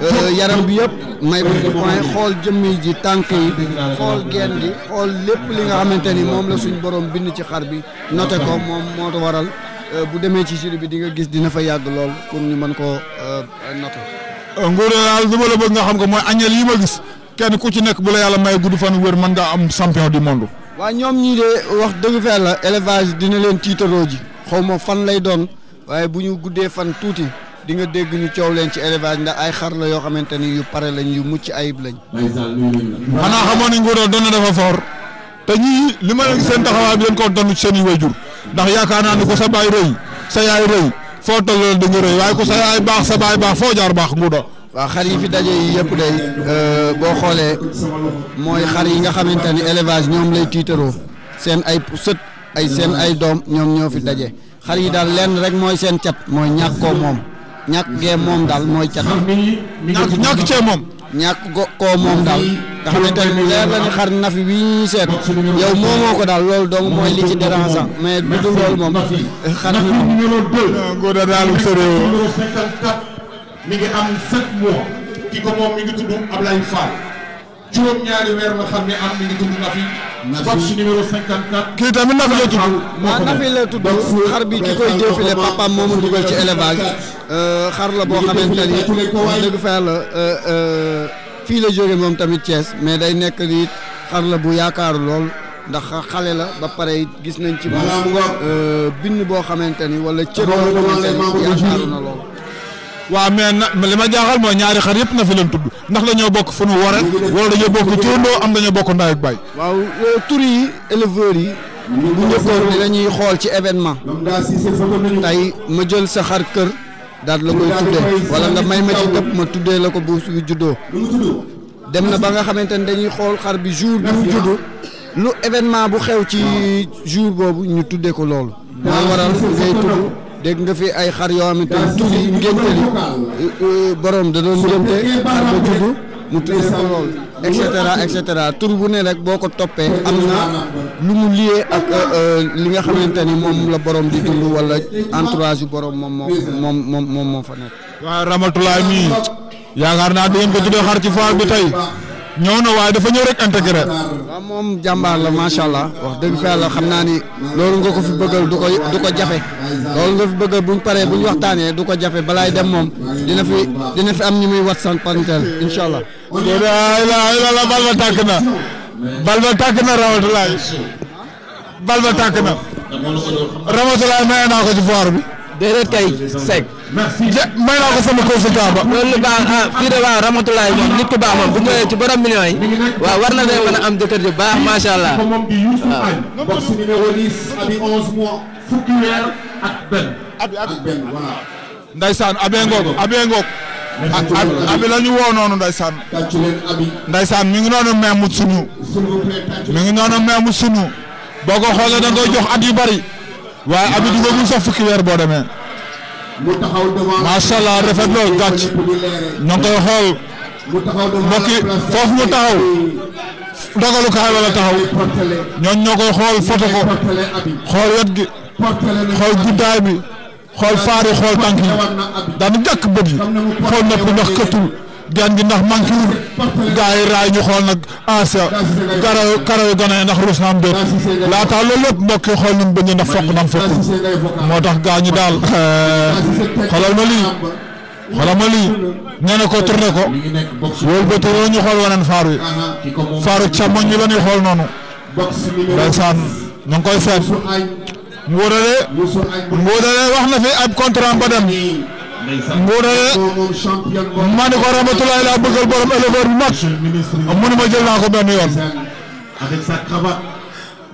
euh, yaram bi yépp may ko ci point xool jëmmi ji tànk yi xool geen gi xool lépp li nga xamante ni moom la suñ borom bind ci xar bi note ko moom moo waral euh, bu demee ci jury bi di nga gis dina fa yàgg lool pour ñu man koo euh, noté. Ngoné daal li nga xam ko mooy añel yi ma gis kenn ku ci nekk bu la yàlla may gudd fan wér mën nga am champion du monde. waa ñoom ñii de wax dëgg fa la élevage dina leen tiitaroo ji xaw ma fan lay doon waaye bu ñu guddee fan tuuti. di nga dégg ñu coow leen ci élevage ndax ay xar la yoo xamante ni yu pare lañ yu mucc ayib lañ. xanaa xamoon ni nguur doon na dafa fort te ñii li ma leen seen taxawaay leen ko doon ci seen i ndax yaakaar naa ni ko sa baay rëy sa yaay rëy foo toll da nga rëy waaye ko sa yaay baax sa baay baax foo jaar baax nguur waa xar yi fi daje yi yëpp day euh, boo xoolee mooy xar yi nga xamante ni élevage ñoom lay tiitaroo seen ay sët ay seen ay doom ñoom ñoo fi daje xar yi daal lenn rek mooy seen cat mooy ñàkkoo moom ñàkk gee moom daal mooy cat ñàkk cee moom ñàkk koo moom daal nga xamante leer la ni xar naf wi ñuy seet yow moomoo ko daal loolu donc mooy li ci dérangeant mais bu dul loolu moom xar na ngóoda daal soriwoo mi ngi am sept mois ki ko moom juróom-ñaari weer Nafi. la tudd. xar bi ki koy jëfile papaam moomu dugal ci élevage. Euh, xar la boo xamante ni wax dëgg fa euh, euh, fii la jóge moom tamit cees mais day nekk nii xar la bu yaakaar lool. ndax xale la ba pare gis nañ ci moom bind boo xamante ni wala cër boo xamante ni na lool waaw mais na li ma jaaxal mooy ñaari xar yëpp na fi leen tudd ndax dañoo bokk fu nu waree wala dañoo bokk cóondoo am dañoo bokk ndaay ak bay waaw euh, tur yi éleveurs yi bu njëkkoon di lañuy xool ci événement tey ma jël sa xar kër daal la koy tuddee wala nga may ma ci dëpp ma tuddee la ko bu juddoo dem na ba nga xamante ne dañuy xool xar bi jour bi mu juddu lu événement bu xew ci jour boobu ñu tuddee ko loolu mooy waral ngay tudd dégg nga fi ay xar yoo xamante ni tur yi ngénteli euh, euh, borom da doon ngénte xar ba juddu mu tuur ko lool et cetera et bu ne rek boo ko toppee am na lu mu lié ak euh, li nga xamante ni moom la borom di dund wala entourage yu borom moom moo moom moom moom moo fa nekk. waaw Ramatoulaye mii yaakaar naa du ko tuddee xar ci foire bi tey. ñëw na waaye dafa ñëw rek intégré. waaw moom jàmbaar la macha allah wax dëgg fa yàlla xam naa ni loolu nga ko fi bëggal du ko du ko jafe loolu nga fi bëggal buñ paree buñ waxtaanee du ko jafe balaay dem moom dina fi dina fi am ñu muy wat sant pantel incha allah. la bal ba tàkk na bal ba tàkk na rawatulaay may naa ko ci foire bi. déedéet kay Seck. merci may naa ko sama consultant ba. loolu baax ah fii waaw Ramatoulaye nit ku baax moom bu ñëwee ci borom millions yi waaw war na de mën a am jëkkër ju baax macha allah waaw. box numéro Abe Ngok Abe Ngok. woo noonu Ndeysaan. Ndeysaan mi ngi noonu meemut sunu. mi ngi noonu meemut sunu. boo ko xoolee da jox at yu bari. waaye abi dugagul sax fukki weer boo demee. mu taxaw devant macha allah rafet lool gàcc ñoo ngi koy xool mbokk yi foofu taxaw dogalukaay wala taxaw ñooñ ñoo koy xool foto ko xool wet gi xool guddaay bi xool faar xool tànk yi daanu jàkk xool nopp ndax këtul. jaan gi ndax manqué wul gars yi raay ñu xool nag asia karaw karaw gone ndax ruus na am déet laata loolu lépp yi xool nañ bañ ndax fokk nan fokk moo tax gaa ñi daal eh, xoolal ma lii ma lii ko tourné ko wóol ba tey ñu xool waneen faar wi faaru o bi la ñuy xool noonu ndeysaan ñu ngi koy seet Mbodale Mbodale wax na fi ab contrat ba dem Ngoné ma ne ko rahmatulahi laa bëggal borom éleveur bu mag mu ne ma jël naa ko benn yoon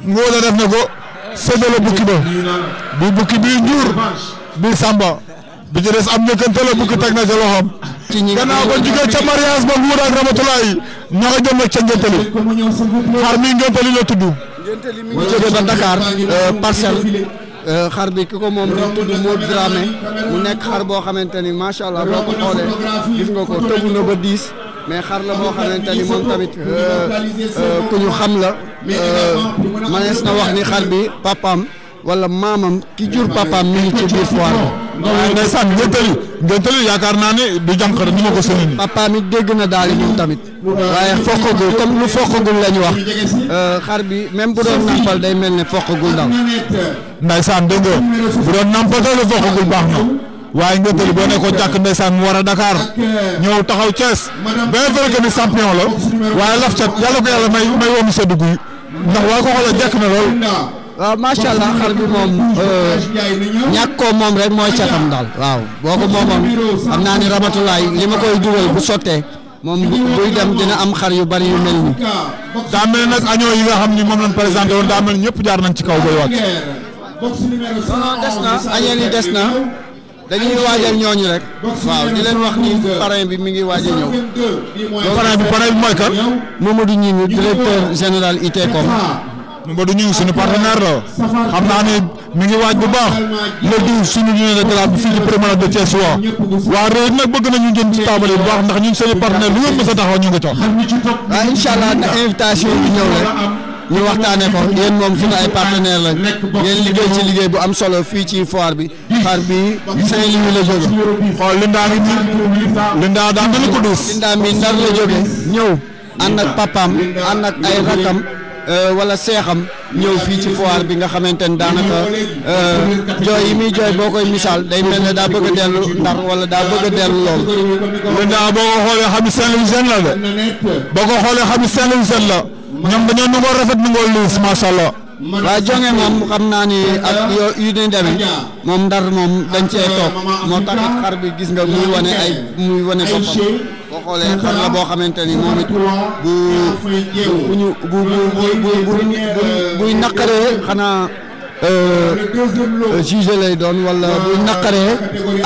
Ngoné def na ko séddale bukki ba bu bukki bii njuur bii samba bi ci des am njëkkante la bukki teg na ca loxoom gannaaw ko jugee ca mariage ba Ngoné ak rahmatulahi ña nga jëm nag ca ngéntali xar mi ngéntali la tudd. mu jógee ba euh, Euh, xar bi ki ko moom di tudd Modou Dramé mu nekk xar boo xamante ni macha allah ko xoolee gis nga ko tëbu na ba diis mais xar la boo xamante ni moom tamit euh, euh, ku ñu xam la manees na wax ni xar bi papaam. wala maamam ki jur papaam mi ngi ci biir foire bi. waaye ndeysaan ngéntali ngéntali yaakaar naa ne du jànq rek ni ma ko sënni. papaam it dégg na daal moom tamit. waaye foqagul la ñu wax. Euh, xar bi même bu doon nàmpal day mel ne foqagul daal. ndeysaan dégg nga bu doon nàmpal daal foqagul baax na. waaye ngéntali boo nekkoon jàkk ndeysaan mu war a Dakar ñëw taxaw Thiès bien vrai que ni champion la waaye laf cat yàlla ko yàlla may may woon sa dugg yi ndax waaye ko xoolee jekk na lool. waaw macha allah xar bi moom ñàkk ko moom rek mooy catam daal waaw boo ko moomoon xam naa ne rabatulaay li ma koy dugal bu sottee moom buy dem dina am xar yu bari yu mel nii. daa mel nag añoo yi nga xam ni moom lañ présenté woon daa ñëpp jaar nañ ci kaw bay wàcc. non des bi mi ngi waaj a ñëw. parrain bi parrain bi mooy kan. Mamadou Gningue directeur général ITCOM. Modou Gningue suñu partenaire la xam naa ne mi ngi waaj bu baax le suñu union de gala bi fii ci promenade de Thiès waa waa réew bëgg nañu jëm ci taabal bu baax ndax ñun suñu partenaire lu ngeen mës a taxaw ñu ngi tax. waaw incha na invitation bi ñëw la. ñu waxtaanee ko yéen la ngeen liggéey ci liggéey bu am solo fii ci foire bi xar bi Saint-Louis la jóge xool Linda mi Linda daa mel ko duus Linda mi Ndar la jóge ñëw ànd ak papaam ànd ak ay rakam Euh, wala seexam ñëw fii ci foire bi nga xamante ni daanaka euh, jooy yi muy jooy boo koy misaal day mel ne daa bëgg dellu ndar wala daa bëgg a dellu lool. loolu daal boo ko xoolee xam Saint-Louisien la de boo ko xoolee xam Saint-Louisien la ñoom dañoo nu ngoo rafet nu ngoo luus macha allah. waaw jonge moom xam naa ni ak yo yu ni demee moom ndar moom dañ cee toog moo tax xar bi gis nga muy wane ay muy wane boppam. boo xoolee xar la boo xamante ni moom it bu bu ñu bu bu bu euh, buy naqaree xanaa euh, euh, jugé lay doon wala buy naqaree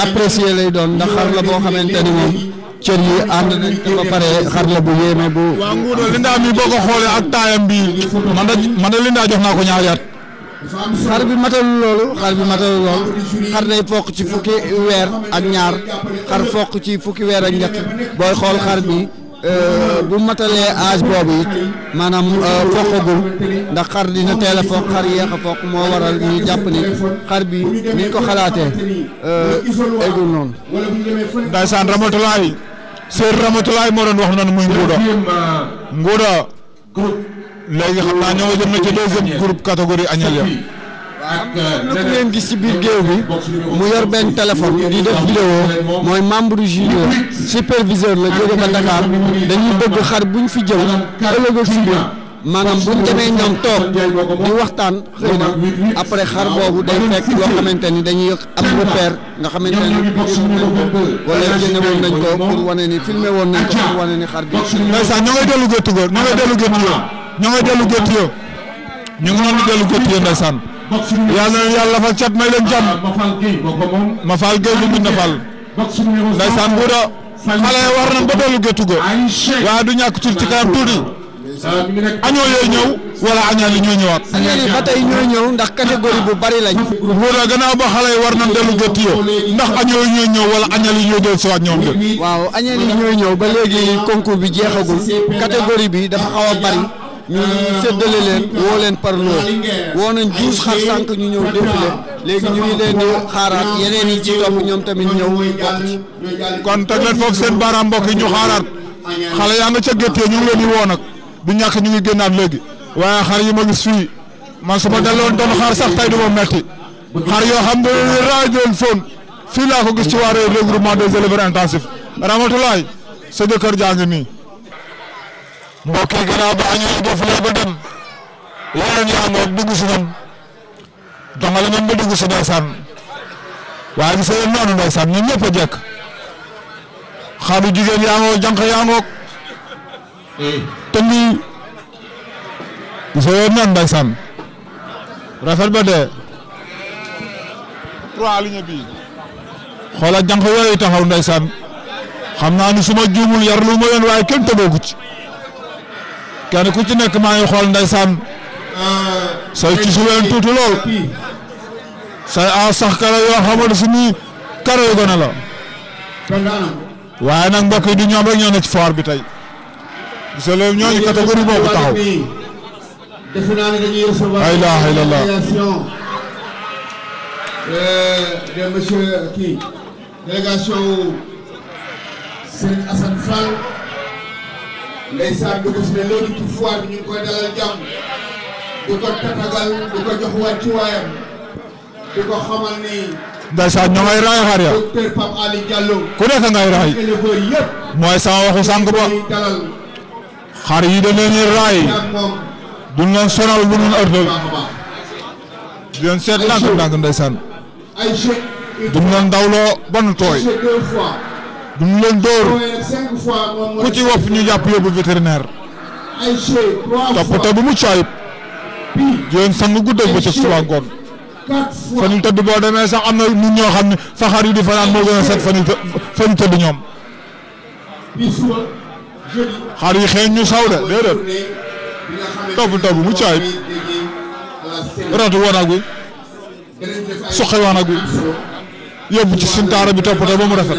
apprécié lay doon ndax xar la boo xamante ni moom cër yi ànd nañ te ba pare xar la bu yéeme bu. waaw lindaa mi boo ko xoolee ak taayam bi man da man da lindaa jox naa ko ñaari at xar bi matal loolu xar bi matal loolu xar day fokk ci fukki weer ak ñaar xar fokk ci fukki weer ak ñett booy xool xar bi euh, bu matalee âge boobu it maanaam euh, foqagul ndax xar dina teel a xar yéex a foq moo waral ñu jàpp ni xar bi niñ ko xalaatee euh, eggul noonu. ndaysaan Ramatulaay Seydou Ramatulaay moo doon wax noonu muy Nguuda Nguuda. léegi xam ñoo jëm ci deuxième groupe catégorie añal ya am na ku ngeen gis ci biir géew bi mu yor benn téléphone di def vidéo mooy membre junior superviseur la jóge ba Dakar dañuy bëgg xar buñ fi jëw ëllëg ak si biir maanaam buñ demee ñoom toog di waxtaan xëy après xar bobu day fekk loo xamanteni dañuy am repère nga xamanteni ni wala génne woon nañ ko pour wane ni filmé woon nañ ko pour wane ni xar bi. ndeysaan ñoo ngay dellu gëttu góor ñoo ngay dellu gëttu góor ñu ngi dellu Goutier ñu ngi noonu dellu Goutier ndeysaan yàlla na yàlla cat may leen jàmm ma faal Gueye bu Binda Fall ndeysaan buuda xale war nañ ba dellu Géttu ga waaye du ñàkk tuuti ci kanam tuuti añoo yooyu ñëw wala añaal yi ñëwaat. añaal ba tey ñoo ñëw ndax catégorie bu bari lañ. buuda gannaaw ba xale yi war nañ dellu Géttu yo ndax añoo yi ñoo ñëw wala añaal yi ñoo dellu ñëw ba léegi concours bi jeexagul catégorie bi dafa xaw a bari. ñu séddale leen woo leen par loo woo nañ douze xar sànq ñu ñëw défilé léegi ñu ngi leen di xaaraat yeneen yi ci topp ñoom tamit ñëw bokk ci. kon teg leen foofu seen baaraam mbokk yi ñu xaaraat xale yaa nga ca gétt ñu ngi leen di woo nag du ñàkk ñu ngi génnaat léegi waaye xar yi ma gis fii man su ma delloon doon xaar sax tay du ma metti xar yoo xam ne rajo fóon fii laa ko gis ci waa regroupement des éleveurs intensifs Ramatoulaye sa jëkkër jaa ni mbokk yi gannaaw ba añoo def loo dem leneen yaa ngoog dugg si ñoom doxali ñoom ba dugg waaye gis ngeen noonu ndeysaan ñun ñëpp a jekk xaaru jigéen yaa ngoog jànq yaa ngoog hmm. te nii gis ngeen noonu ndeysaan rafet ba dee. trois ligne bi xoolal jànq yooyu taxaw ndeysaan xam naa ni su ma juumul yar lu ma yoon waaye kenn tëggoo ko ci. kenn ku ci nekk maa ngi xool ndeysaan say ci suween tuuti lool say a sax kare yoo xamante su ni kare gone la waaye nag mbokk yi du ñoom rek ñoo ci foire bi tey gis leen ñooñu catégorie boobu taxaw la ilaha illallah de ndeysaan bi gis ne loolu ci foire bi ñu ngi koy dalal jàmm di ko tatagal di ko jox wàccuwaayam yi dañ leen di sonal bu ñu ërdëg. di leen seet ba nu tooy. duñu leen dóor ku ci wopp ñu jàpp yóbbu vétérinaire toppatoo bu mu caayib di leen sang guddeeg ba ca suba ngoon fan tëdd boo demee sax am na nit ñoo xam ne faxaar yu di fanaan moo gën a set fan yu fan yu tëdd ñoom xar yi xeeñ ñu saw de déedéet toppatoo bu mu caayib ratu wanag wi suqi wanag wi yóbbu ci suñu bi toppatoo ba mu rafet.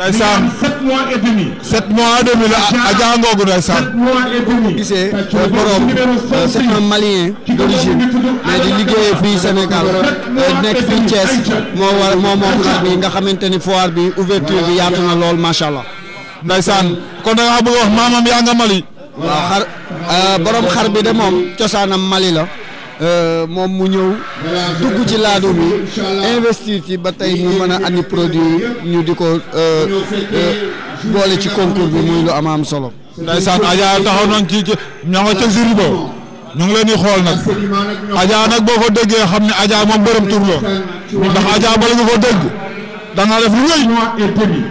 ndeysaan sept mois et demi sept mois et demi la Adja ngoogu ndeysaan boo gisee borom euh, c'est un malien d'origine mais di liggéeyee fii Sénégal euh, nekk fii Thiès moo war moo moom nag bi nga xamante ni foire bi ouverture bi yaatu na lool macha allah. ndeysaan kon da nga wax maamam yaa nga Mali waaw xar euh, borom xar bi de moom cosaanam Mali la Euh, moom mu ñëw dugg ci laadu bi investir ci ba tey mu mën a andi produit ñu di ko euh, euh, boole ci concur bi muy lu am am solo. ndeysaan Adja taxaw nañ ci ña nga ca jury ba ñu ngi leen di xool nag Adja nag boo ko déggee xam ne Adja moom bërëm tur la ndax Adja bala nga ko dégg da nga def lu wéy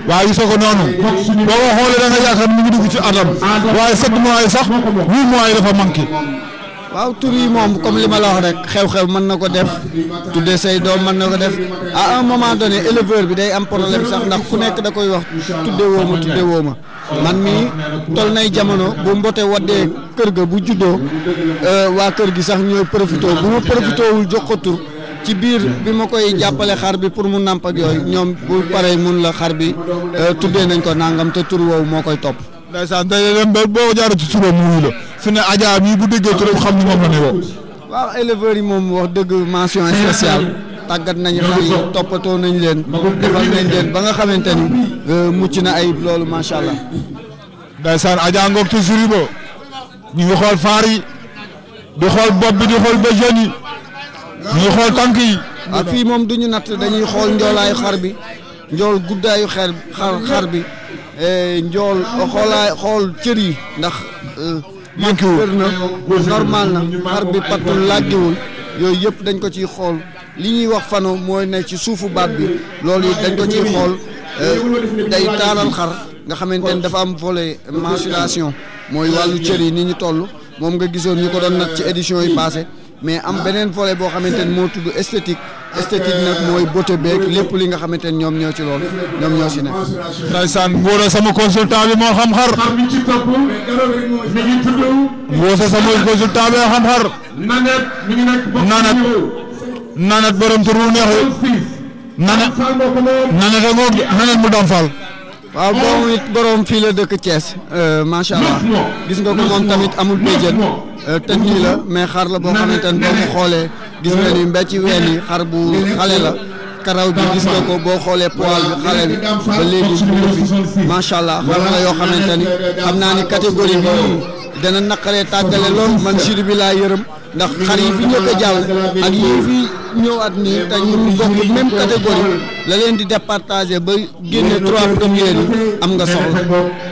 waaye gisoo noonu boo ko xoolee da nga yaakaar mu ngi dugg ci atam waaye sept mois yi sax huit mois yi dafa manqué. waaw tur yi moom comme li ma la wax rek xew-xew mën na ko def tuddee say doom man na ko def à un moment donné éleveur bi day am problème sax ndax ku nekk da koy wax tudde wooma tudde wooma man mii tol nay jamono bu mbote waddee kër ga bu juddoo euh, waa kër gi sax ñooy profité bu ma profité wul jox ko tur ci biir bi ma koy jàppale xar bi pour mu nàmp ak yooyu ñoom bu paree mun la xar bi euh, tuddee nañ ko nangam te tur woowu moo koy topp ndeysaan tey dem ba boo jaaree ci turam wuyu la fi ne Adja mii bu déggee turam xam ni moom la ne woo. waaw éleveurs yi moom wax dëgg mention spéciale tàggat nañu xar yi toppatoo nañ leen defal nañ leen ba nga xamante ni mucc na ayib loolu macha allah. ndeysaan Adja ngoog te juri ba ñu ngi xool faar yi di xool bopp bi di xool bëjën yi ñu ngi xool tànk yi. ak fii moom du ñu natt dañuy xool njoolaayu xar bi njool guddaayu xeer xar xar bi. Eh, njool xoolaa xool cër yi ndax. Eh, yënkiwul na normal na xar bi pattul làggiwul yooyu yëpp dañ ko ciy xool li ñuy wax fano mooy ne ci suufu baat bi loolu it dañ ko ciy xool eh, day taaral xar nga xamante ni dafa am volet mensuration mooy wàllu cër yi ni ñu toll moom nga gisoon ñu ko doon nag ci édition yi passé mais am beneen volet boo xamante ni moo tudd esthétique esthétique nag mooy beauté beeg lépp li nga xamante ni ñoom ñoo ci lool ñoom ñoo ci nekk. ndeysaan Ngouda sama consultant bi moo xam xar. xar bi ci topp mi sama consultant bi moo xam xar. nanet mi ngi nekk bopp nanet borom tur bu neex nanet nanet mu daan faal. waaw boobu it borom fii la dëkk Thiès macha allah gis nga ko moom tamit amul péjën te nii la mais xar la boo xamante ne boo ko xoolee gis nga ni mbécc ween yi xar bu xale la karaw bi gis nga ko boo xoolee poil bi xale bi ba léegi dugub bi macha allah xar la yoo xamante ni xam naa ni catégorie bi dana naqaree tàggale lool man jur bi laa yërëm ndax xar yi fi njëkk a jàll ak yi fi. ñëwaat nii te ñu bokk même catégorie la leen di départager ba génne trois premières yi am nga soxla.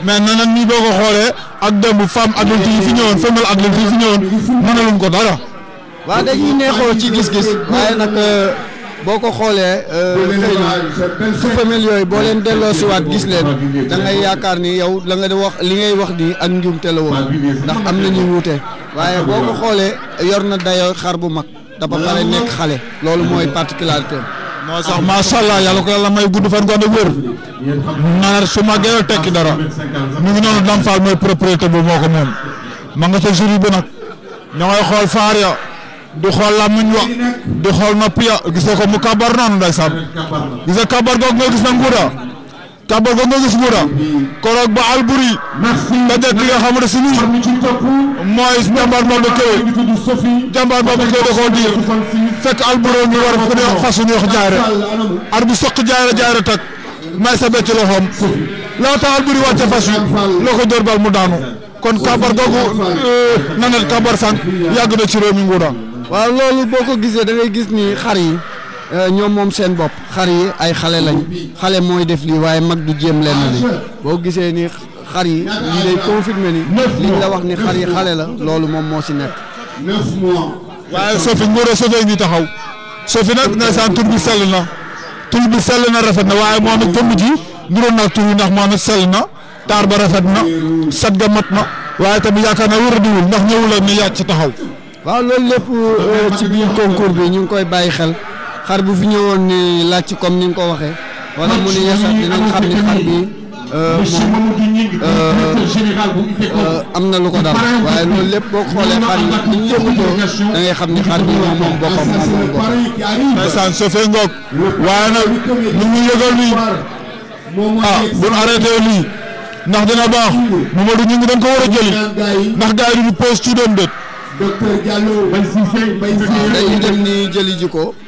mais nee na nii boo ko xoolee ak démb femme adulte yi fi ñëwoon femelle adulte yi fi ñëwoon mënaluñ ko dara. waaw dañuy neexoo ci gis-gis waaye nag euh, boo ko xoolee euh, su femelle yooyu boo leen delloosiwaat gis leen da yaakaar ni yow la nga wax li ngay wax di ak njuumte la woon ndax am na ñuy wuute waaye boo ko xoolee yor na dayoo xar bu mag. dafa pare nekk xale. loolu mooy particularité moo sax macha allah yàlla ko yàlla may gudd fan nga ne naar su ma gënal tekki dara. mu ngi noonu Dame Fall mooy propriété bu moo ko moom. ma nga sa jury bi nag. ña ngay xool faar ya. du xool làmmiñ wa. du xool nopp ya gisee ko mu kabar noonu ndeysaan. gisee kabar googu nga gis na nguuda kàbbal ko nga gis Ngouda koroog ba Albouri daje ki nga xamante si nii mooy jàmbaar Mbambe Kébé jàmbaar Mbambe Kébé da koo diir fekk Albouri war a fa ne fasu ñu wax jaare bu soq jaare jaare tak may sa becc loo tax Albouri wàcce fas yi loo ko bal mu daanu kon kàbbar googu euh, nanet kàbbar sànq yàgg na ci réew mi Ngouda loolu boo ko gisee da ngay gis ni xar yi Euh, ñoom moom seen bopp xar yi ay xale lañ xale mooy def lii waaye mag du jéem lenn li boo gisee ni xar yi lii day confirmer ni liñ la wax ni xar yi xale la loolu moom moo si nekk. neuf mois. waaye Sophie Ngor Sophie ngi taxaw nag ndeysaan tur bi sell na tur bi sell rafet na waaye moom it jëmm ji niroon na tur ndax moom it sell na taar ba rafet na set ga mat na waaye tamit yaakaar naa wëradiwul ndax ñëwul la ne yaa ci taxaw. waaw loolu lépp euh, ci biir concours bi ñu ngi koy bàyyi xel. xar bu fi ñëwoon ni laaj comme ni nga ko waxee wala mu ni yasat dinañ xam ni xar bi euh, euh, euh, am na lu ko dal waaye loolu lépp boo xoolee xar yi ni da ngay xam ni xar bi moom moom boppam moom boppam. ndeysaan sofee ngoog waaye nag nu mu yëgal ah, lii ah ndax dina baax Mamadou ñu ngi dañ ko war a jëli ndax gars yi du pause ci doom déet. dañuy dem ni jëli ji ko.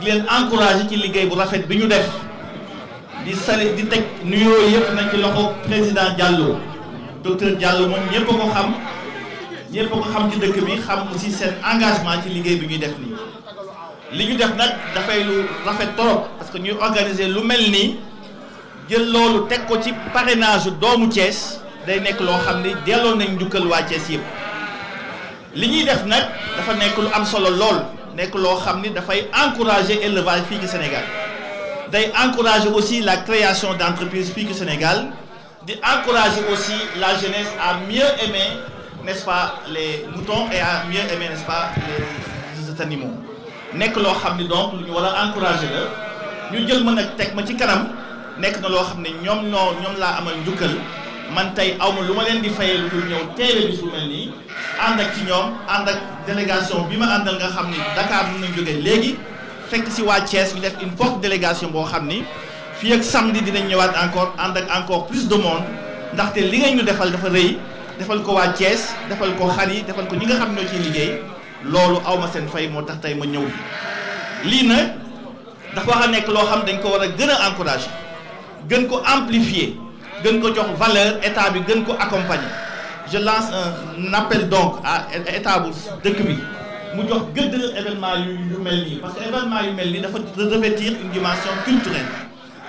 di leen encouragé ci liggéey bu rafet bi ñu def di sali di teg nuyoo yëpp nañ ci loxo président Diallo docteur Diallo moom ñëpp ko xam ñëpp ko xam ci dëkk bi xam aussi seen engagement ci liggéey bi ñuy def nii. li ñu def nag dafay lu rafet trop parce que ñuy organiser lu mel ni jël loolu teg ko ci parrainage doomu Thiès day nekk loo xam ni delloo nañ njukkal waa Thiès yëpp li ñuy def nag dafa nekk lu am solo lool nek lo xamni da fay encourager élevage fi ci Sénégal day encourager aussi la création d'entreprises fi ci Sénégal di encourager aussi la jeunesse à mieux aimer n'est-ce pas les moutons et à mieux aimer n'est-ce pas les animaux nek lo xamni donc lu ñu encourager la ñu jël ma nag teg ma ci kanam nek na lo xamni ñom no ñom la amal njukkal. man tay awma luma len di fayel ñu ñew ñëw bi su melni and ak ci ñom and ak délégation bi ma àndal nga xamni Dakar mu ñu joggé légui fekk ci wa Thiès ñu def une forte délégation bo xamni fi ak samedi dinañ ñëwaat encore and ak encore plus de monde té li ngay ñu defal dafa reuy defal ko wa Thiès defal ko xar defal ko ñi nga xam ñoo ci liggéey loolu awma seen fay mo tax tay ma ñëw li nag dafa war a lo xam dañ ko wara a gën gën ko amplifier gën ko jox valeur état bi gën ko accompagner je lance un appel donc à état bu dëkk bi mu jox gëdd événement yu yu mel parce que événement yu mel nii dafa revêtir une dimension culturelle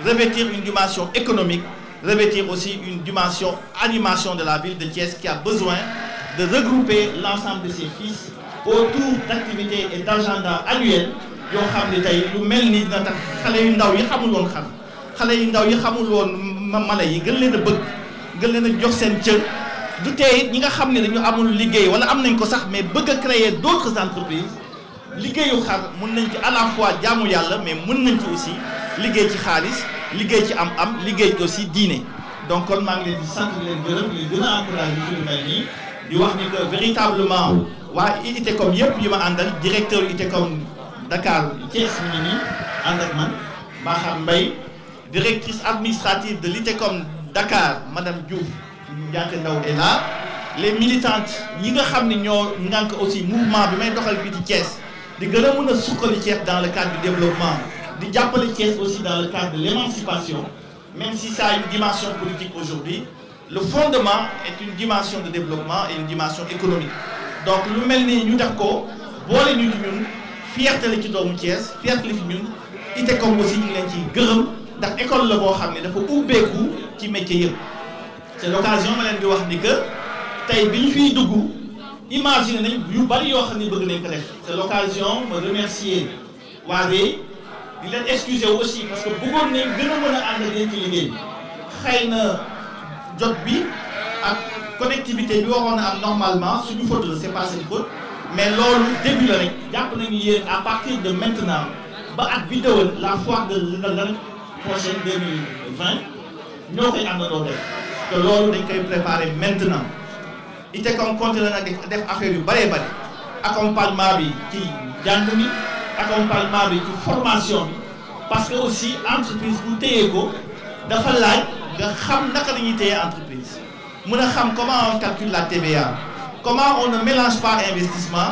revêtir une dimension économique revêtir aussi une dimension animation de la ville de Thiès qui a besoin de regrouper l'ensemble de ses fils autour d'activités et d'agenda annuel yoo xam ne tey lu mel dina tax xale yu ndaw yi xamul woon xam xale yu ndaw yi xamul woon mala yi gën leen a bëgg gën leen a jox seen cër du tee it ñi nga xam ne dañu amul liggéey wala am nañ ko sax mais bëgg a créer d'autres entreprises liggéeyu xar mën nañ ci à la fois jaamu yàlla mais mën nañ ci aussi liggéey ci xaalis liggéey ci am-am liggéey ci aussi diine donc kon maa ngi leen di sant leen gërëm leen gën a encouragé yu mel nii di wax ni que véritablement waa ITCOM yëpp yi ma àndal directeur ITCOM Dakar Thiès mi ngi nii ànd ak man Maxam Mbaye directrice administrative de l'ITECOM Dakar, Madame Diouf Ndiakendaou est là. Les militantes, nous avons aussi mouvement de main de Thiès, de Grenouille Soukoli Thiès dans le cadre du développement, de Diapoli Thiès aussi dans le cadre de l'émancipation, même si ça a une dimension politique aujourd'hui, le fondement est une dimension de développement et une dimension économique. Donc, nous melni ñu def ko bolé ñu ñun fierté la ci de Thiès fierté la ñun comme aussi ñu sommes ci ndax école la boo xam ne dafa ubbeeku ci métier yëpp c'est l'occasion ma leen di wax ni que tey bi ñu fiy dugg imaginer nañ yu bari yoo xam ne bëgg nañ ko def c'est l'occasion ma remercier waa Réy di leen excuser aussi parce que bëggoon nañ gën a mën a ànd ak ci liggéey xëy na jot bi ak connectivité bi waroon na am normalement suñu faute la c'est pas seen faute mais loolu début la rek jàpp nañu yéen à partir de maintenant ba at bi dëwal la foire de la prochaine 2020 nous koy àndandoo def que loolu dañ koy préparer maintenant comme continué la def affaire yu bëree bëri accompagnement bi ci jàng mi accompagnement bi formation parce que aussi entreprise bu téyee ko dafa laaj de xam entreprise Nous comment on calcule la TVA comment on ne mélange pas investissement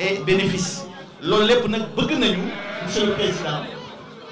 et bénéfice L'on lépp nag bëgg nañu monsieur le président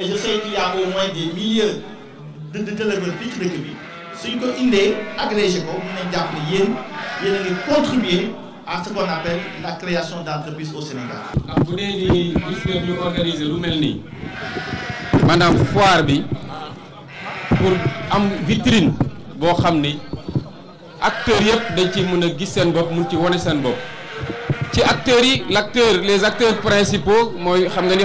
et je sais qu'il y a au moins des milliers de de téléviseurs qui qui dëkk bi suñ ko agrégé ko a à ce qu'on appelle la création d'entreprise au Sénégal. Vous bu ni ñu organiser lu foire pour une vitrine vous savez, acteur acteurs yëpp dañ ci mëna a gis qui bopp ci ci acteurs yi l'acteur les acteurs principaux moy xam nga ni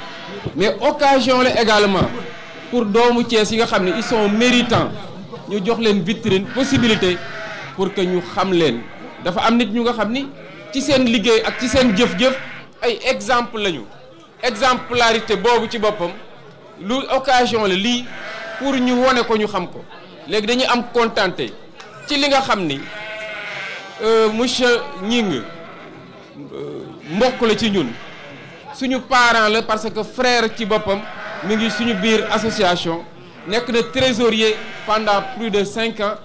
mais occasion là également pour doomu ties yi nga ils sont méritants ñu jox leen vitrine possibilité pour que ñu xam leen dafa am nit ñu nga xam ci seen liguey ak ci seen jëf-jëf ay exemple lañu exemplarité bobu ci bopam lu occasion la li pour ñu woné ko ñu xam ko légui dañuy am contenté ci li nga xam euh monsieur Gningue euh, mbokk la ci ñun suñu parents la parce que frère ci bopam mi ngi suñu biir association nek na trésorier pendant plus de cinq ans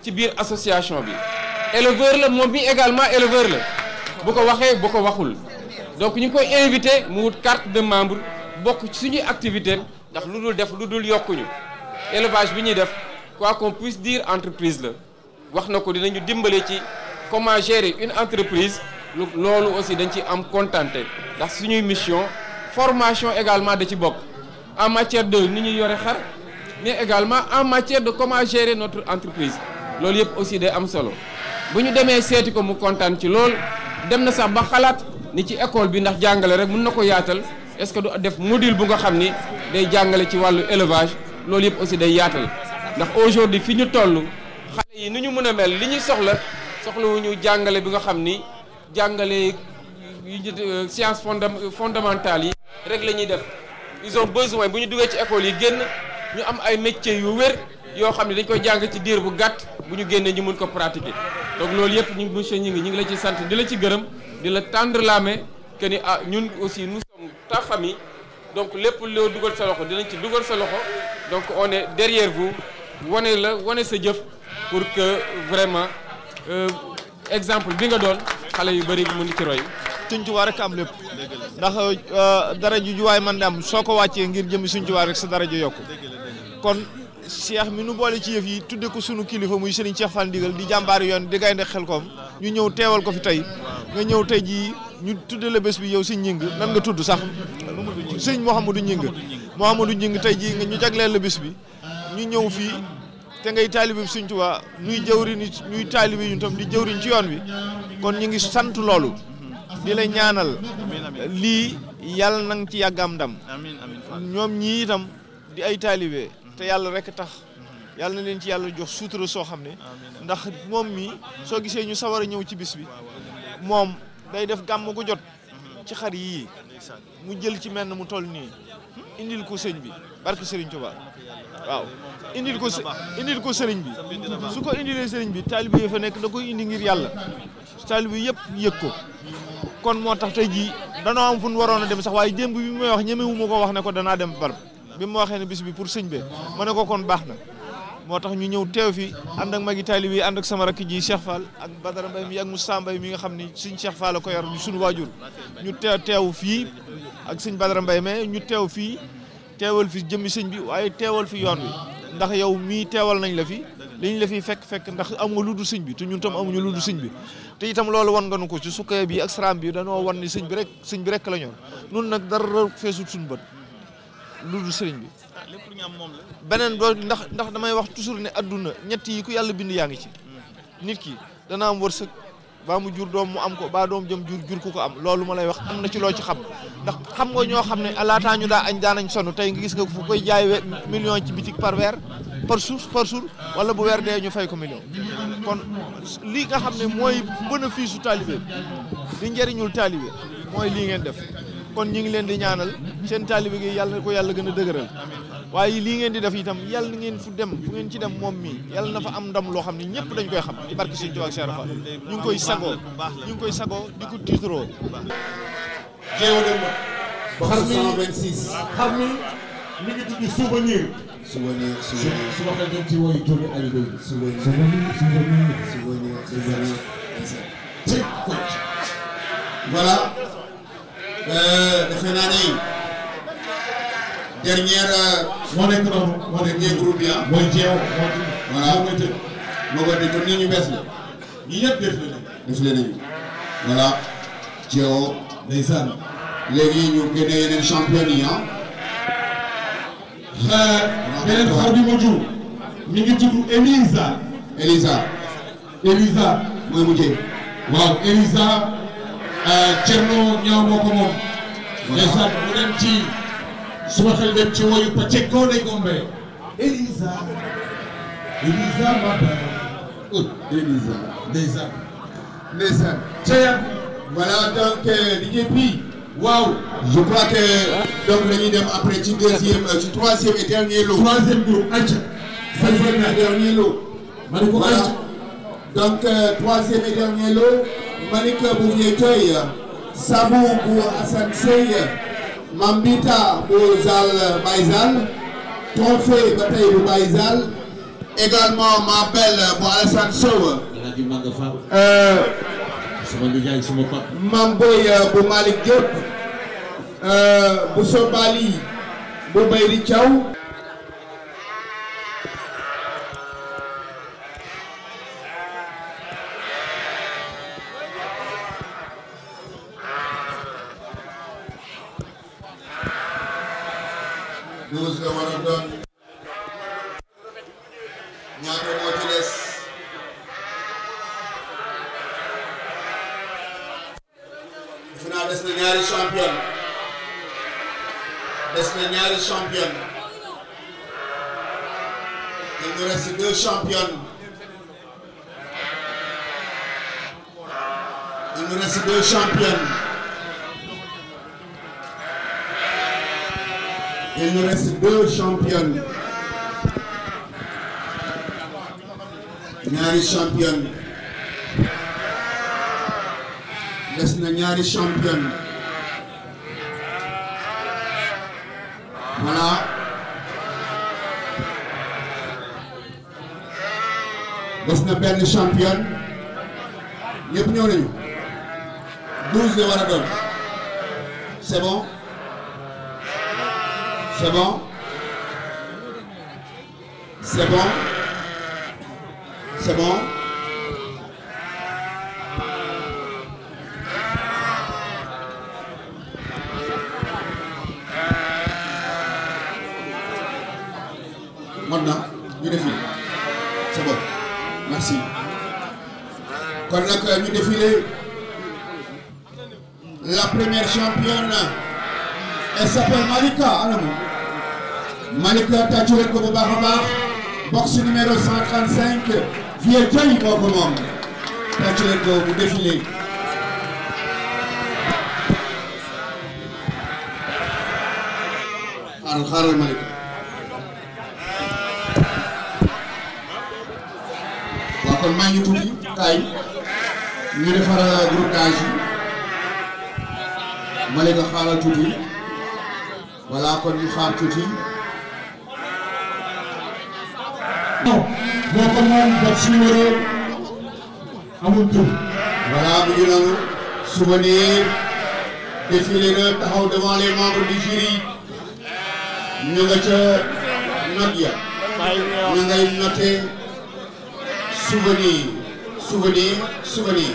ci biir association bi éleveur le moom également éleveur le. bu ko waxee bu ko waxul donc ñu pouvons koy inviter mu wut carte de membre bok ci suñu activité ndax lu def lu yokku élevage bi ñi def quoi qu'on puisse dire entreprise le wax nous dinañu dimbalé ci comment gérer une entreprise loolu aussi dañ ci am contenté ndax suñuy mission formation également de ci bokk en matière de ni ñuy yore xar mais également en matière de comment gérer notre entreprise loolu yëpp aussi day am solo bu ñu demee seeti ko mu kontaan ci lool dem na sax ba xalaat ni ci école bi ndax jàngale rek mën na yaatal est-ce que du def module bu nga xam ni day jàngale ci wàllu élevage loolu yëpp aussi day yaatal ndax aujourd'hui fi ñu toll xale yi ni ñu mën a mel li ñu soxla jàngale bi nga xam ni euh, science fondamentale ils ont besoin de faire ci école yi génn ñu am ay métiers yu donc lool ñu monsieur ñi ngi que ni ah, aussi nous sommes ta famille donc les poulets sont sa loxo donc on est derrière vous woné la woné sa pour que vraiment euh, exemple bi nga xalé yu bëri mu nit ci roy suñ war rek am lepp ndax euh, dara ju juway man dam soko wacce ngir jëm suñ war rek sa dara ju yok kon cheikh mi nu boole ci yef yi tudde ko sunu kilifa muy serigne Cheikh Fall digal di jambar yoon di xel ko ñu ñew teewal ko fi tay nga ñew tay ji ñu tudde le bés bi yow serigne ñing nan nga tudd sax serigne Mouhamadou ñing ñing tay ji nga ñu le bi ñu ñew fi te ngay taalibe bi Sëñ Tuubaa nuy jëwriñ ñuy taalibe ñun tam di jëwriñ ci yoon wi kon ñu ngi sant loolu di la ñaanal lii yàlla na ci yàgg am ñoom ñii itam di ay taalibe te yàlla rek tax yàlla na leen ci yàlla jox suutura soo xam ne ndax moom mii soo gisee ñu sawar a ñëw ci bis bi moom day def gàmm gu jot ci xar yii mu jël ci menn mu toll nii indil ko sëñ bi barke Sëriñ Tuubaa waaw indil ko indil ko sëriñ bi su ko indilee sëriñ bi taalibe ya fa nekk da koy indi ngir yàlla taalibe yëpp yëg ko kon moo tax tey jii danoo am fu nu waroon a dem sax waaye démb bi may wax ñemewu ma ko wax ne ko danaa dem barab bi ma waxee ne bis bi pour sëñ be ma ko kon baax na ñu ñëw teew fi ànd ak magi taalibe yi ànd ak sama rakk ji Cheikh Fall ak Badara Mbaye mi ak Moussa Mbaye mi nga xam ni Cheikh Fall ko yar suñu waajur ñu teew teew fii ak suñ Badara Mbaye mais ñu teew fii teewal fi jëmmi sëñ bi waaye teewal fi yoon wi ndax yow mii teewal nañ la fi liñ la fi fekk-fekk ndax am nga lu dul sëñ bi te ñun tam amuñu lu dul sëñ bi te itam loolu wan nga nu ko ci sukkee bi ak saraam bi dañoo wan ni sëñ bi rek sëñ bi rekk la ñor nun nag dara feesu suñu bët lu sëriñ bi ñu am moom la beneen doo ndax ndax damay wax toujours ne adduna ñett yi ku yàlla bind yaa ngi ci nit ki dana am wërsëg baa mu jur doom mu am ko baa doom jëm jur jur ku ko am loolu ma lay wax am na ci loo ci xam ndax xam nga ñoo xam ne laataa ñu daa añ daanañ sonn tey nga gis nga ko fu koy jaay million ci bitik par weer par jour par jour wala bu weer dee ñu fay ko million kon lii nga xam ne mooy bénéfice su taalibe di njëriñul taalibe mooy lii ngeen def kon ñu ngi leen di ñaanal seen taalibe gi yàlla ko yàlla gën a dëgëral waye li ngeen di def itam yàlla ni ngeen fu dem fu ngeen ci dem mom mi yàlla na fa am ndam lo xamni ñepp dañ koy xam ci barki seigne Touba Cheikh Rafa ñu ngi koy sago ñu ngi koy sago di ko tiitaroo jeew dem xam 26 xam mi mi ngi tuddi souvenir souvenir souvenir su waxee dem ci woy turi ay do souvenir souvenir souvenir souvenir souvenir voilà euh defena ni dernière. Euh, moo nekk noonu moo nekk kii groupe yi ah. mooy jeew moo ci. voilà moo tëj. moo ko tëj kon nii ñu bees la. ñii ñëpp def la nañu. def la nañu voilà. jeew. ndeysaan. léegi ñu génnee yeneen champion yi ah. Euh, beneen xar bi mu jur mi ngi tudd Elisa. Elisa. Elisa. mooy mujjee. waaw Elisa. Euh, Thierno ñaaw moo ko moom. ndeysaan mu dem ci. suma xel dem ci woyu Pacheco lay gombe Elisa Elisa ma Oh, Elisa Elisa, Elisa. ca voilà donc euh, DJ Pi. je crois que donc le dem après du deuxième euh, ci troisième et dernier lot troisième groupe acca euh, troisième et dernier lot donc troisième et dernier lot ma ne ko bu ngeen Mambita Bozal Baizal, trophée bataille pour Baïzal. également Mabel pour Alassane Mambé Mamboy pour euh, Malik Diop, euh, Bousso Bali, ñaari championne il nous reste deux championnes il nous reste deux championnes il nous reste deux championnes ñaari championne des na ñaari championne Voilà. Nous sommes les champions. Nous sommes 12 de la C'est C'est bon C'est bon C'est bon, C'est bon? kon que euh, ñu défilé la première championne elle s'appelle Malika Malika Tachileko leen ko numéro 135 vieille taille moo ko monde. Tachileko, vous défilez. défilé Malika ñu defar groupage yi ma leen nga xaaral tuuti voilà kon xaar tuuti. boo ko moom daf si wëree amul tur. voilà mu ngi noonu souvenir défilé na taxaw devant les membres du jury ñu nga ca note ya ñu ngay noté souvenir souvenir souvenir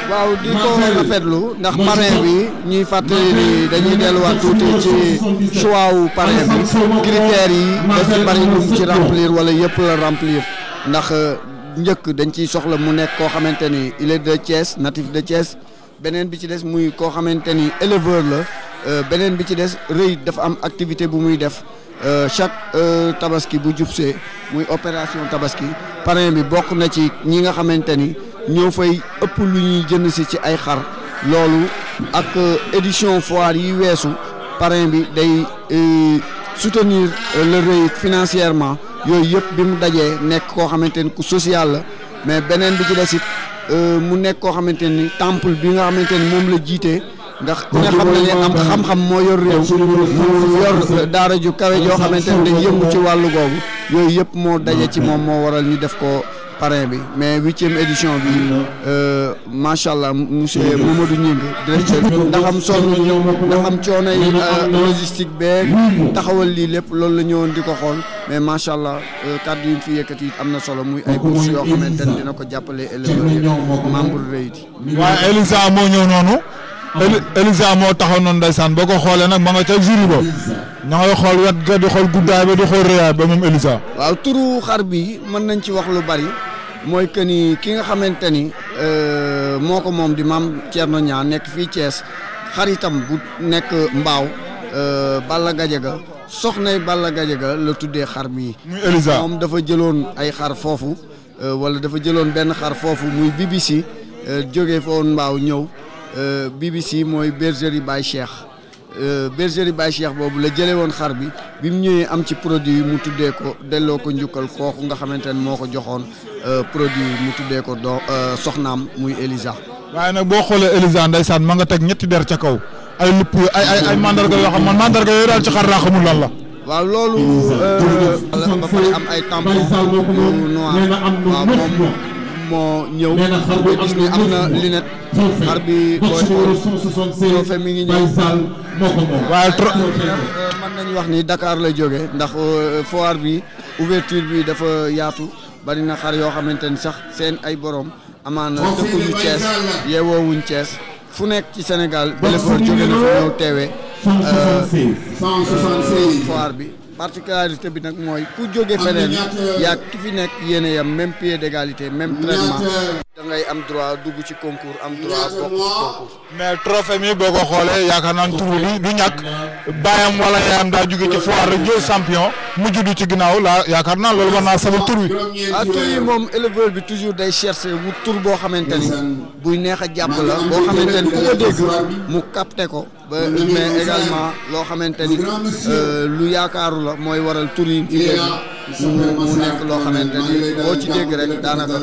waaw di ko rafetlu ndax parrain bi ñuy fàttali ni dañuy delluwaat tuuti ci choix wu parrain bi critères yi dafa bari lum ci remplir wala yëpp la remplir ndax euh, njëkk dañ ciy soxla mu nekk koo xamante ni il est de Thiès natif de Thiès beneen bi ci des muy koo xamante ni éleveur la euh, beneen bi ci des rëy dafa am activité bu muy def euh, chaque tabaski bu jubsee muy opération tabaski parrain bi bokk na ci ñi nga xamante ni ñoo fay ëpp lu ñuy jënd si ci ay xar loolu ak euh, édition foire yi weesu parrain bi day euh, soutenir euh, le rëy financièrement yooyu yëpp bi mu dajee nekk koo xamante ni ku social la mais beneen bi ci des it mu nekk koo xamante ni temple bi nga xamante ni moom la jiitee ndax ku ne xam ne am xam-xam moo yor réew mu yor daara ju kawe joo xamante ni dañ yëngu ci wàllu googu yooyu yëpp moo daje ci moom moo waral ñu def ko parrain bi mais huitième édition bi euh, macha allah monsieur Mamadou Ngingue directeur ndax am sonn ndax am coono yi euh, logistique beeg taxawal lii lépp loolu la ñëwoon di ko xool mais macha allah euh, kàddu yi fi yëkkati am na solo muy ay bourses yoo xamante ne dina ko jàppale éleveurs yi membre réiti waaye Elisa moo ñëw noonu Elisa moo taxaw noonu ndeysaan boo ko xoolee nag ma nga ca jury ba ña ngay xool wet di xool guddaay ba di xool réyaay ba moom Elisa waaw ci wax lu bari mooy que ni ki nga xamante ni euh, moo ko moom di maam Thierno Niang nekk fii Thiès xaritam bu nekk Mbaaw euh, Balla Gadiaga soxnay Balla Gadiaga la tuddee xar bi moom dafa jëloon ay xar foofu euh, wala dafa jëloon benn xar foofu muy BBC jóge foon Mbaaw ñëw BBC mooy bergerie Baye Cheikh. Euh, bergerie Baye Cheikh boobu la jëlee woon xar bi bi mu ñëwee am ci produit yi mu tuddee ko delloo ko njukkal kooku nga xamante ne moo ko joxoon euh, produit yi mu tuddee ko do euh, soxnaam muy Elisa. waaye nag boo xoolee Elisa ndeysaan ma nga teg ñetti der ca kaw ay lupp ay ay ay mandarga yoo xam man mandarga yooyu daal ci xar laa lan la. waaw loolu. ba pare am ay tampon yu noir waaw moom. moo ñëw boo gis ni am na lunette xar bi booy xool trophée mi ngi ñëw waaye trop mën nañu wax ni Dakar lay jógee ndax euh, foire bi ouverture bi dafa yaatu bari na xar yoo xamante ni sax seen ay borom amaana dëkkuñu Thiès yeewoowuñ Thiès fu nekk ci Sénégal béléfoor jóge na fa ñëw teewee euh, foire bi particularité bi nag mooy ku jóge feneen yaa ki fi nekk yéene yam même pied d'égalité même traitement da ngay am droit dugg ci concours am droit bokk ci concours mais trophée mi boo ko xoolee yaakaar naa tur bi du ñàkk baayam wala yaayam daa jóge ci foire rek jël champion mu juddu ci ginnaaw laa yaakaar naa loolu war naa sama tur bi ah, yi moom éleveur bi toujours day chercher wu tur boo xamante ni buy neex a jàpp la boo xamante ni ko dégg mu capté ko ba mais également loo xamante ni euh, lu yaakaaru la mooy waral tur yi ci dégg mu nekk loo xamante ni boo ci dégg rek daanaka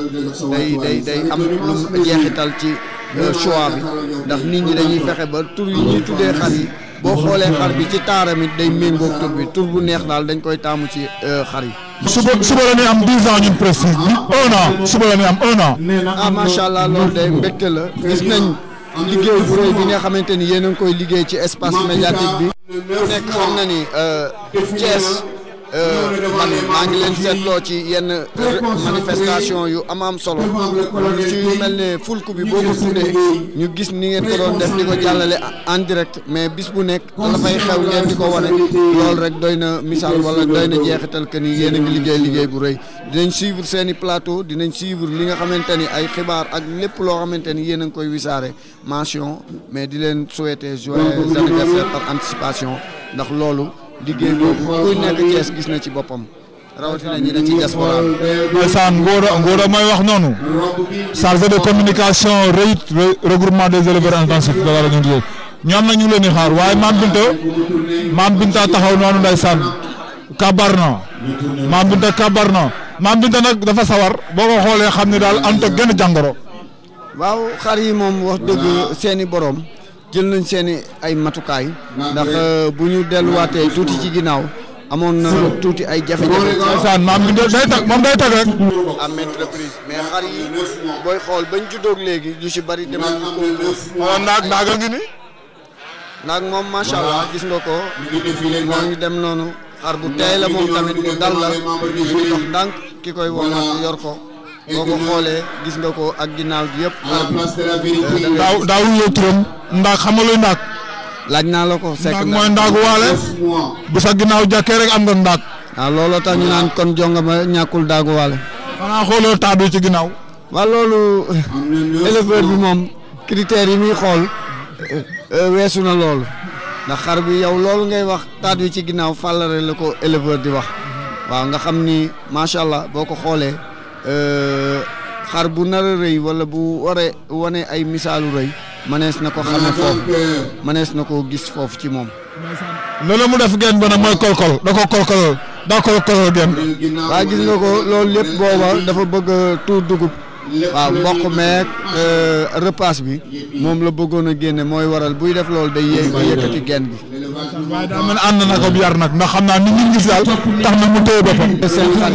day day day am lu jeexital ci euh, choix bi ndax nit ñi dañuy fexe ba tur yi ñuy tuddee xar yi boo xoolee xar bi ci taaramit day méngoog tur bi tur bu neex daal dañ koy taamu ci euh, xar yi. suba suba la ñuy am 10 ans ñun prestige bi un an suba la ñuy am un ah macha allah loolu day mbégte la gis nañ. liggéey bu bi nga xamante ni yéen a ngi koy liggéey ci espace médiatique bi nekk xam na ni euh, Thiès Euh, man maa ngi leen seetloo ci yenn euh, manifestation yu am am solo ci yu mel ne fulku bi boo ko tuddee ñu gis ni ngeen ko doon def di ko jàllale en direct mais bis bu nekk la fay xew ngeen di ko wane loolu rek doy na misaal wala doy na jeexital que ni yéen a ngi liggéey liggéey bu rëy dinañ suivre seen i plateau dinañ suivre li nga xamante ni ay xibaar ak lépp loo xamante ni yéen a ngi koy wisaare mention mais di leen souhaiter joyeux anniversaire par anticipation loolu liggéey boobu ku nekk Thiès gis na ci boppam rawatina ñi ne ci diaspora ndeysaan Ngora Ngora mooy wax noonu chargé de communication réit regroupement des éleveurs intensifs de la région de Thiès ñoom na ñu leen di xaar waaye Mame Binta Mame Binta taxaw noonu ndeysaan kabar na Mame Binta kabar na Mame Binta nag dafa sawar boo ko xoolee xam ne daal am toog genn jàngoro waaw xar yi moom wax dëgg seeni borom jël nañ seeni ay matukaay ndax euh, bu ñu delluwaatee tuuti ci ginnaaw amoon na tuuti ay jafe-jafe. ndeysaan moom day tag rek. à mais xar yi booy xool bañ juddoog léegi ñu si bari dem nañ ko. waaw naag ngi ni. naag moom macha allah gis nga ko. moo ngi dem noonu. xar bu tey la moom tamit dal la. muy dox ndànk ki koy woo yor ko. boo ko xoolee gis nga ko ak ginnaaw gi yëpp. daaw daawul yow turam. ndax xamaluy ndaak. laaj naa la ko sekk ndaak mooy ndaak waale. bu ginnaaw jàkkee rek am nga ndaak. waaw ah, looloo tax ñu kon jonga ñàkkul daagu waale. xanaa ci ginnaaw. waaw loolu éleveur bi moom critères yi muy xool euh, weesu na loolu ndax xar bi yow loolu ngay wax taat wi ci ginnaaw fàllare la ko éleveur di wax waaw nga xam ni macha allah boo ko xoolee. Euh, xar bu nar a rëy wala bu waree wane ay misaalu rëy manees na ko xame foofu manees na ko gis foofu ci moom loolu mu def geen ba nag mooy kolkol da ko kolkolol daa kolkolol geen waa gis nga ko loolu lépp booba dafa bëgg tuur dugub waaw mboq meeg euh, repas bi moom la bëggoon a génne mooy waral buy def loolu day yéeg yëkkati genn gi. waaye daa mel na ko yar nag ndax xam naa ni ñun gis daal tax na mu téye boppam. seen xar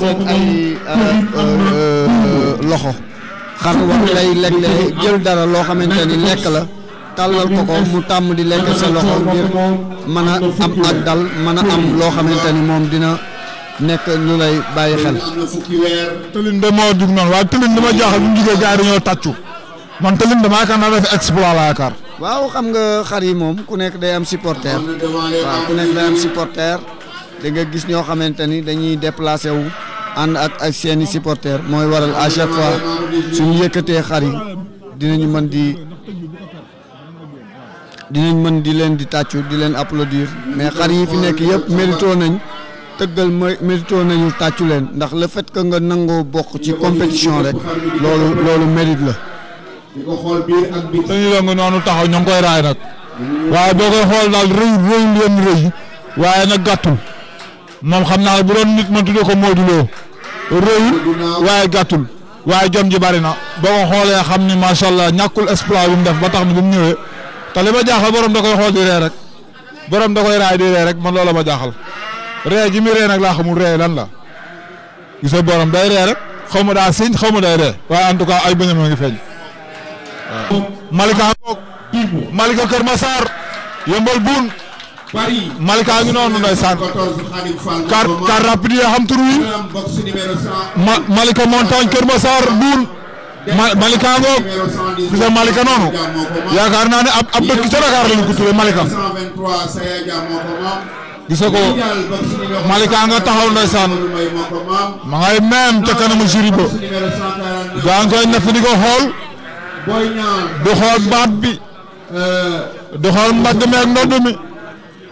seen ay euh, euh, loxo xar wax lay lekk jël dara loo xamante ni lekk la. tàllal ko ko mu tàmm di lekk sa loxo ngir mën a am ak dal mën a am loo xamante moom dina. nekk lu lay bàyyi xel. tëlin de moo jug noonu waaye tëlin dama yi dañoo tàccu man tëlin dama yaakaar naa def exploit la yaakaar. waaw xam nga xar yi moom ku nekk day am supporter waaw da nga gis ñoo xamante ni dañuy déplacé wu ànd ak ak seen i mooy waral à chaque fois suñu yëkkatee xar yi dinañu mën di dinañ mën di leen di tàccu di leen applaudir mais xar yi fi nekk yëpp mérito nañ. tëggal mérito nañu tàccu leen ndax le fait que nga nangoo bokk ci compétition rek loolu loolu mérite la. di ko xool noonu taxaw ñoo ngi koy raay nag. waaye boo koy xool daal rëy rëy leen rëy. waaye nag gàttul. moom xam naa bu doon nit ma tuddee ko Modou rëyul waaye gàttul. waaye jom ji bari na. boo ko xoolee xam ni macha allah ñàkkul exploit bu mu def ba tax ni bu mu ñëwee. te li ma jaaxal boroom da koy xool di ree rek. borom da koy raay rek man loola ma jaaxal. ree gi mi ree nag laa xamul ree lan la gis rek xaw ma daa siñ xaw ma day ree en tout cas ay bëñam a ngi feeñ waaw Malika ngoog Malika Kër Massar yëmbal buun Malika ngi noonu ndeysaan car car rapide yoo Malika montagne Kër Massar buun Malika ngoog gis nga Malika noonu yaakaar naa ne ab ab dëkk ca Dakar lañu Malika gisoo ko Malika nga taxaw ndeysaan ma ngay meem ca kanamu jury ba gaa ngi koy nafa di ko xool du xool baat bi du xool mbàdd mi ak ndodd mi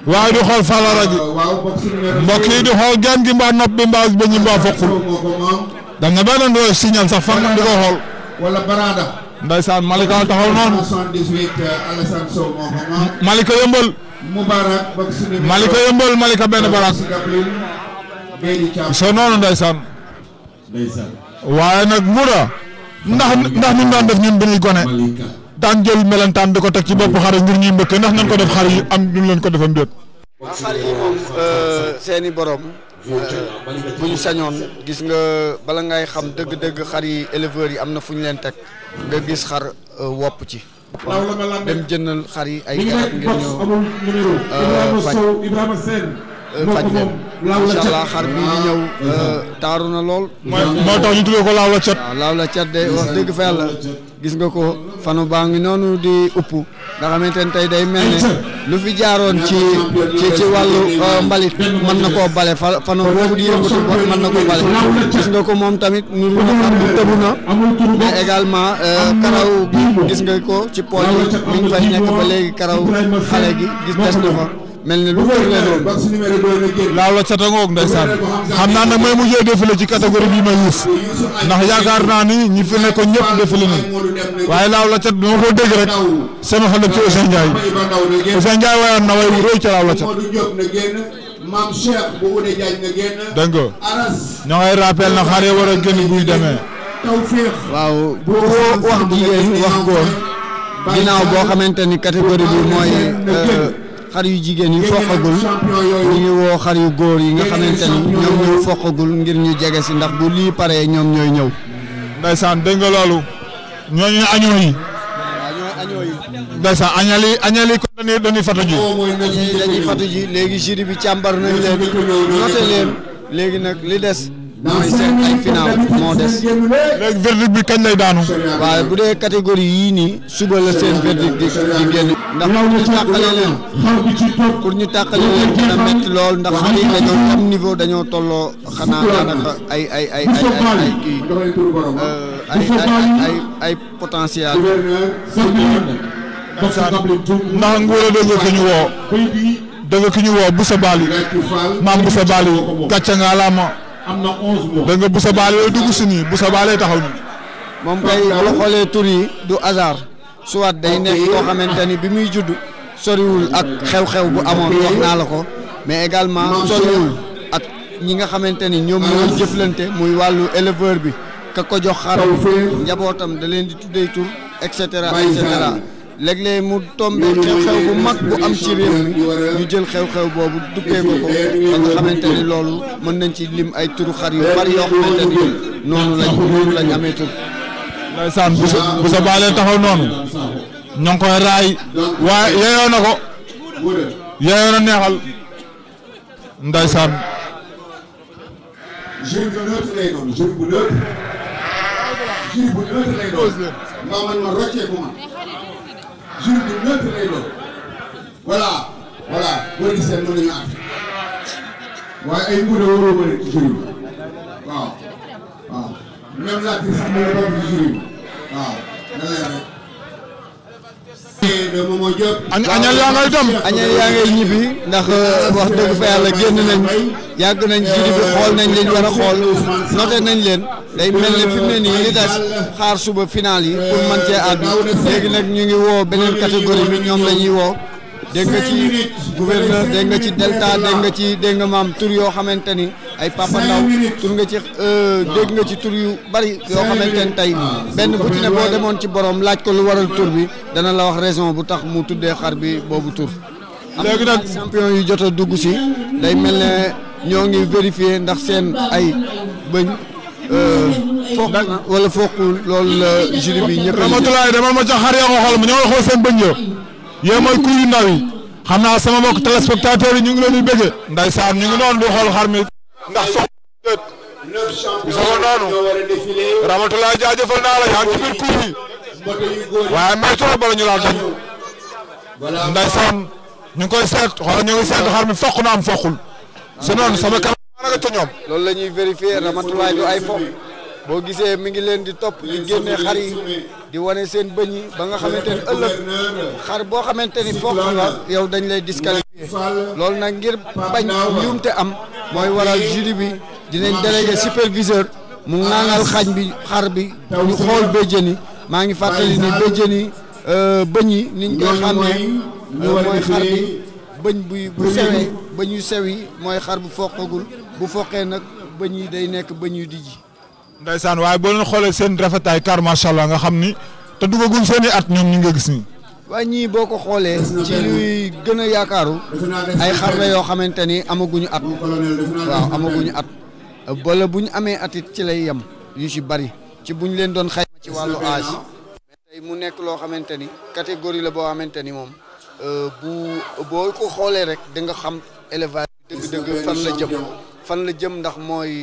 waaye du xool falara gi mbokk yi du xool mbaa nopp mbaa ba ñu fokkul dam na ndooy signal sax fan di ko Ndeysaan Malika taxaw noonu. Euh, Malika yëmbal. Malika yëmbal Malika benn barak. soo noonu Ndeysaan. waaye nag Moura. ndax ndax ñun daan def ñun bu ñuy gone. daan jël melentaan di ko teg ci bopp xar ngir ñuy mbëkk ndax nañ ko def xar yi am ñu leen ko defam déet. waaw seeni borom. bu ñu sañoon gis nga bala ngay xam dëgg-dëgg xar yi éleveurs yi am na fu ñu leen teg nga gis xar euh, wopp ci dem jëndal xar yi ay ngir ñëw Euh, faj la incha allah xar bi ñu ñëw ah, euh, taaru na lool. mooy moo ko la cat. waaw laaw la cat de wax dëgg fa yàlla gis nga ko fanu baa ngi noonu di upp nga xamante ne tey day mel ne lu fi jaaroon ci ci ci wàllu euh, mbalit mën na koo bale fa fanu boobu di yëngatu mën na koo bale gis nga ko moom tamit ñu lu na xar tëbu na mais également karaw gi gis nga ko ci pooj yi mi fay nekk ba léegi karaw xale gi gis des na fa. mel ni lu kër leen laaw la catangoog ndeysaan xam naa nag may mujjee défilé ci catégorie bi may yuus ndax yaakaar naa ni ñi fi nekkoon ñëpp défilé nañ waaye laaw la cat dama ko dégg rek sama xel ci Ousseyn Ndiaye Ousseyn na way roy ca laaw la cat maam Cheikh bu Oudé ñoo ngay rappel na xale war a génn buy demee. waaw bu wax jigéen wax góor ginnaaw boo xamante ni catégorie bi mooy. xar yu jigéen yi foqagul ñu ngi woo xar yu góor yi nga xamante ñoom ñoo foqagul ngir ñu jege si ndax bu lii paree ñoom ñooy ñëw. ndeysaan dégg nga loolu ñooñu añoo yi. ndeysaan añali añali kon dañuy dañuy ji. léegi jury bi càmbar nañ leen noté leen léegi nag li des. mooy moo des. léegi verdict bi kañ lay daanu. waaw bu dee catégorie yii nii suba la seen verdict di di génn. ndax ñu tàqale leen pour ñu tàqale leen dina métti lool ndax xale dañoo am niveau dañoo tolloo xanaa daanaka ay ay ay ay ay ay euh, ay ay potentiel. ndax a dëgg ko ñu woo. dëgg ki ñu woo bu sa baal yi maam bu sa baal yi gàcce nga alaama. am na 11 mois. da nga Boussa Balla lay dugg si nii Boussa Balla lay taxaw nii. moom kay boo tur yi du hasard. soit day nekk koo xamante ni bi muy judd. soriwul ak xew-xew bu amoon wax naa la ko. mais également soriwul ak ñi nga xamante ni ñoom ñooy ah. jëflante muy wàllu éleveur bi. ka ko jox xar njabootam da leen di tuddee tur et cetera léeg-léeg mu tombé xew bu mag bu am ci réew ñu jël xew-xew boobu duppee ko ko ba nga xamante ni loolu mën nañ ci lim ay turu xar yu bari yoo xamante ni noonu lañ amee tur. ndeysaan bu bu sa baalee taxaw noonu ñoo koy raay waaye yeyoo ko yeyoo neexal jour bi neutre lay doon voilà voilà boo gisee mën nañu àgg waaye ay mbuute waroo mën a ci jour bi waaw waaw même laajte sax mën na doon ci jour bi waaw nan la añ añal yaa ngay dem añal yaa ngay ñibbi ndax euh, wax dëgg fa yàlla génn nañ yàgg nañ jury bi xool nañ leen war a xool noté nañ leen day mel ne fi mu ne nii li xaar suba final yi pour man cee àddu léegi nag ñu ngi woo beneen catégorie bi ñoom la ñuy woo dégg nga ci gouverneur dégg nga ci delta dégg nga ci dégg nga maam tur yoo xamante ni ay papa ndaw tur nga ci euh, dégg nga ci tur yu bari yoo xamante ni tey benn bu ci ne boo demoon ci borom laaj ko lu waral tur bi dana la wax raison bu tax mu tuddee xar bi boobu tur léegi nag champion yu jot a dugg si day mel ne ñoo ngi vérifier ndax seen ay bëñ euh, foog wala foogul loolu la bi ñëpp a. Ramatulaay demal ma ca xar yaa ko xool ma ñoo xool seen bëñ yo yéemal ku yu ndaw yi xam naa sama mbokk téléspectateur yi ñu ngi leen di bëgg ndeysaan ñu ngi noonu di xool xar mi ndax soxla déet bi soxla noonu Ramatulaay jaajëfal naa la yaa ngi ci biir kuur yi waaye may toog bala ñu laa daj ndeysaan ñu ngi koy seet xoolal ñu ngi seet xar mi foq na am foqul si noonu sama kanam nga ca ñoom loolu la ñuy vérifier Ramatulaay du ay foq bo gisee mi ngi leen di topp ñu génne xar yi di wane seen bëñ yi ba nga xamante ni ëllëg xar boo xamante ni foofu nga yow dañ lay disqualifier loolu nag ngir bañ njuumte am mooy waral jury bi dinañ délégué superviseur mu nangal xañ bi xar bi ñu xool béjjën yi maa ngi fàttali ni béjjën yi euh, bëñ yi niñ koy xàmmee mooy euh, xar bi bañ bu bu sewee bëñ yu sew yi mooy xar bu fokkagul bu foqee nag bëñ yi day nekk bëñ yu dijji ndaysan way bo len xolé sen rafetay kar sha allah nga xamni te dugaguñ seen at ñom ñi nga gis ni way ñi boko xolé ci luy gëna a yaakaaru ay xar yo xamanteni amaguñu at waaw amaguñu at bala la buñ amé atit ci lay yam yu ci bari ci buñ len doon xayma ci walu âge mais mu nekk lo xamanteni catégorie la bo xamanteni mom euh, bu ko xolé rek da nga xam élevage dëgg-dëgg fan la jëm fan la jëm ndax moy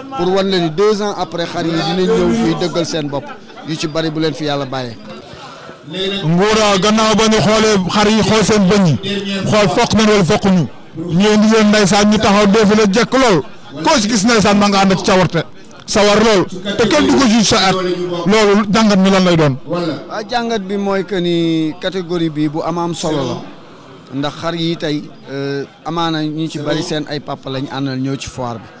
pour wan leen ni deux ans après xar yi dinañ ñëw fii dëggal seen bopp yu ci bari bu leen fi yàlla bàyyee. nguura gannaaw ba ñu xoolee xar yi xool seen bëñ xool fokk nañ wala fokk ñu ñëw di leen ndeysaan ñu taxaw défilé jekk lool koo si gis ndeysaan ma nga ànd ak cawarte sawar lool te kenn du ko sa at loolu jàngat mi la lay doon. a jàngat bi mooy que ni catégorie bi bu am am solo la ndax xar yi tey euh, amaana ñu ci bari seen ay papa lañ àndal ñëw ci foire bi.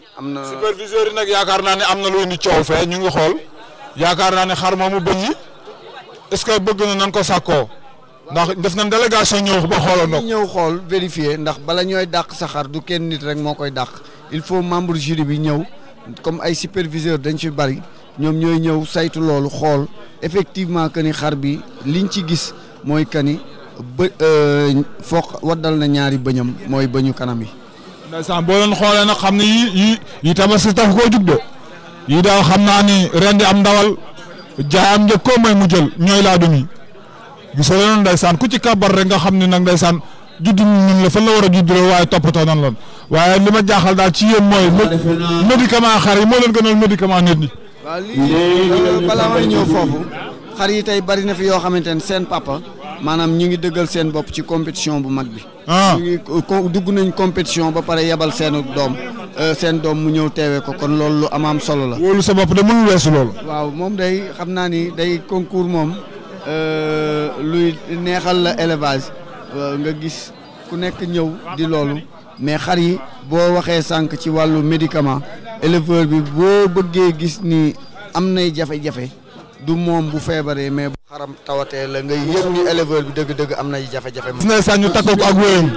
Supervisor na superviseur yi nag yaakaar naa ne am na lu indi coow fee ñu ngi xool yaakaar naa ne xar moomu bëñ yi est-ce que bëgg na nan ko sàkkoo ndax def nañ délégation ñëw ba xoolandoo. ñëw xool vérifier ndax bala ñooy dàq sa xar du kenn nit rek moo koy dàq il faut membre jury bi ñëw comme ay superviseur dañ ci bari ñoom ñooy ñëw saytu loolu xool effectivement que ni xar bi liñ ci gis mooy que ni ba euh, foog na ñaari bëñam mooy bëñu kanam yi. ndeysaan boo leen xoolee nag xam ne yi yi tabaski tax koo jug de yii daal xam naa ni ren am ndawal jaay am njëg koo may mu jël ñooy laa dumi gisoo leen ndeysaan ku ci kabar rek nga xam ne nag ndeysaan juddu ñun la fan la war a juddoo waaye toppatoo nan loon waaye li ma jaaxal daal ci yéen mooy médicament xar yi moo leen gënal médicament nit ñi. waaw lii balaa may ñëw foofu xar yi tey bari na fi yoo xamante ne seen papa. manam ñu ngi dëggal seen bopp ci compétition bu mag bi. Ah. ñu ngi dugg nañ compétition ba pare yabal seen doom euh, seen doom mu ñëw teewee ko kon loolu lu amaam solo la. wóolu sa bopp de mënul weesu loolu. waaw moom day xam naa ni day concours moom euh, luy neexal la élevage euh, nga gis ku nekk ñëw di loolu mais xar yi boo waxee sànq ci wàllu médicament éleveur bi boo bëggee gis ni am nay jafe-jafe. du moom bu feebaree mais bu xaram tawatee la nga yëg ni éleveur bi dëgg-dëgg am na jafe-jafe. gis nañ sax ñu takk ko ak wéyëng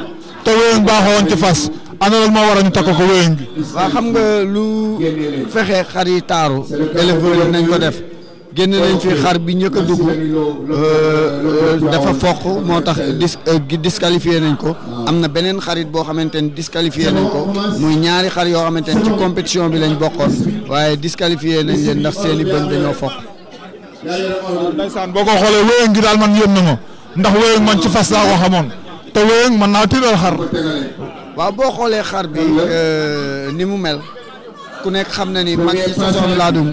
te wéyëng baaxoon ci fas ana lan moo war a ñu takk ko wéyëng bi. waaw xam nga lu fexe xar yi taaru éleveur yi nañ ko def. génn nañ fi xar bi ñëkk a dugg euh, euh, dafa foq moo tax dis euh, disqualifié nañ ko am na beneen xarit boo xamante ni disqualifié nañ ko muy ñaari xar yoo xamante ni ci compétition bi lañ bokkoon waaye disqualifié nañ leen ndax seen ndeysaan boo ko xoolee wéyëng gi daal man yëm na ma ndax wéyëng man ci fas laa ko xamoon te wéyëng man naa tiiral xar waaw boo xoolee xar bi euh, ni mu mel ku nekk xam na ni mag ci sason laadum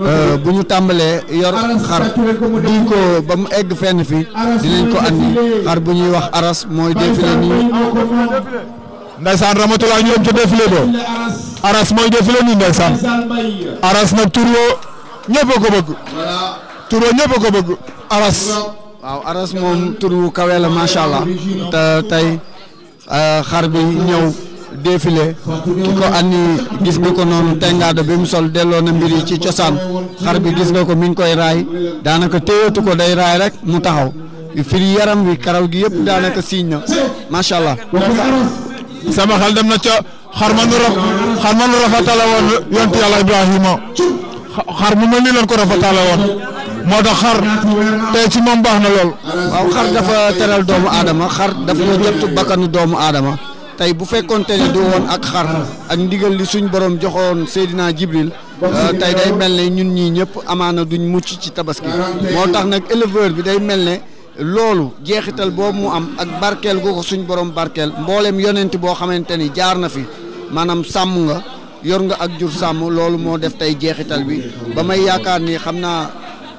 euh, bu ñu tàmbalee yor xar duñ ko ba mu egg fenn fi dinañ ko andi xar bu ñuy wax aras mooy défilé nii ndaysaan ramatulaa ñoom mooy défilé nii ndaysaan aras nag tur woo ñëpp ko bëgg turunya bego-bego, aras wow, aras mau turu kawela kawe la harbi allah defile, tey ani eh, bi ñëw défilé ki ko andi gis nga ko sol delo na mbiri ci cosaan xar bi gis nga ko min koy ray danaka téyatu ko day ray rek mu taxaw fi yaram wi karaw gi yep danaka siiñ sama xal dem na ci xar ma nu raf xar ma nu yonti Ibrahima xar mel ni lan ko moo tax xar tey ci moom baax na lool. waaw xar dafa teral doomu aadama xar dafa ñu jot bakkanu doomu aadama tey bu fekkoonte ne du woon ak xar ak ndigal li suñ boroom joxoon Seydina Jibril euh, tey day mel ne ñun ñii ñëpp amaana duñ mucc ci tabaski moo tax nag éleveur bi day mel ne. loolu jeexital boobu mu am ak barkeel gu ko suñ borom barkeel mbooleem yonent boo xamante ni jaar na fi maanaam sàmm nga yor nga ak jur sàmm loolu moo def tey jeexital bi ba may yaakaar ni xam naa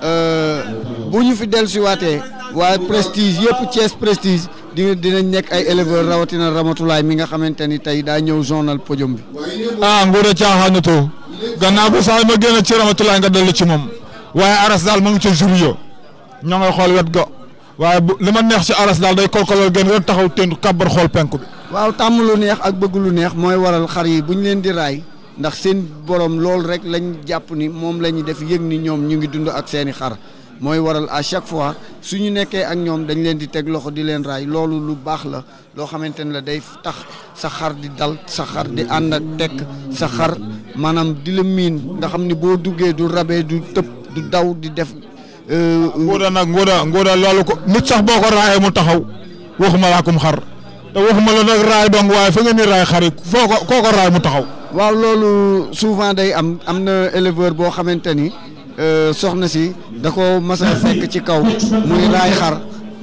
Euh, bu ñu fi dellusiwaatee waa prestige yëpp Thiès prestige di dinañ nekk ay éleveurs rawatina Ramatulaay mi nga xamante ni tey daa ñëw zonal podium bi. ah Ngoda a gannaaw ba saa ma génn ci Ramatulaay nga dellu ci moom waaye aras daal mu ngi ca jour yo ñoo ngay xool wet go waaye bu li ma neex ci aras daal day kolkolal gën rek taxaw tent kàbbar xool penk bi. waaw tàmm lu neex ak bëgg lu neex mooy waral xar yi bu ñu leen di raay. ndax seen borom loolu rek lañ jàpp ni moom la ñu def yëg ni ñoom ñu ngi dund ak seeni xar mooy waral à chaque fois su ñu nekkee ak ñoom dañ leen di teg loxo di leen raay loolu lu baax la loo xamante ne la day tax sa xar di dal sa xar di ànd ak tekk sa xar maanaam di la miin nga xam ni boo duggee du rabee du tëb du daw di def. Euh, euh, ngóoda nag ngóoda ngóoda loolu ko nit sax boo ko raayee mu taxaw waxuma laakum xar te waxuma la nag raay dong waaye fa nga ni raay xar yi foo ko koo ko mu taxaw. waaw loolu souvent day am am na éleveur boo xamante ni euh, soxna si da ko mas fekk ci kaw muy raay xar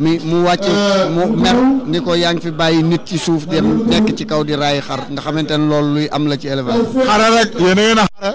mi mu wàcc mu mer ni ko yaa ngi fi bàyyi nit ci suuf dem nekk ci kaw di raay xar nga xamante ni loolu luy am la ci éleveur xara rek yéen a xara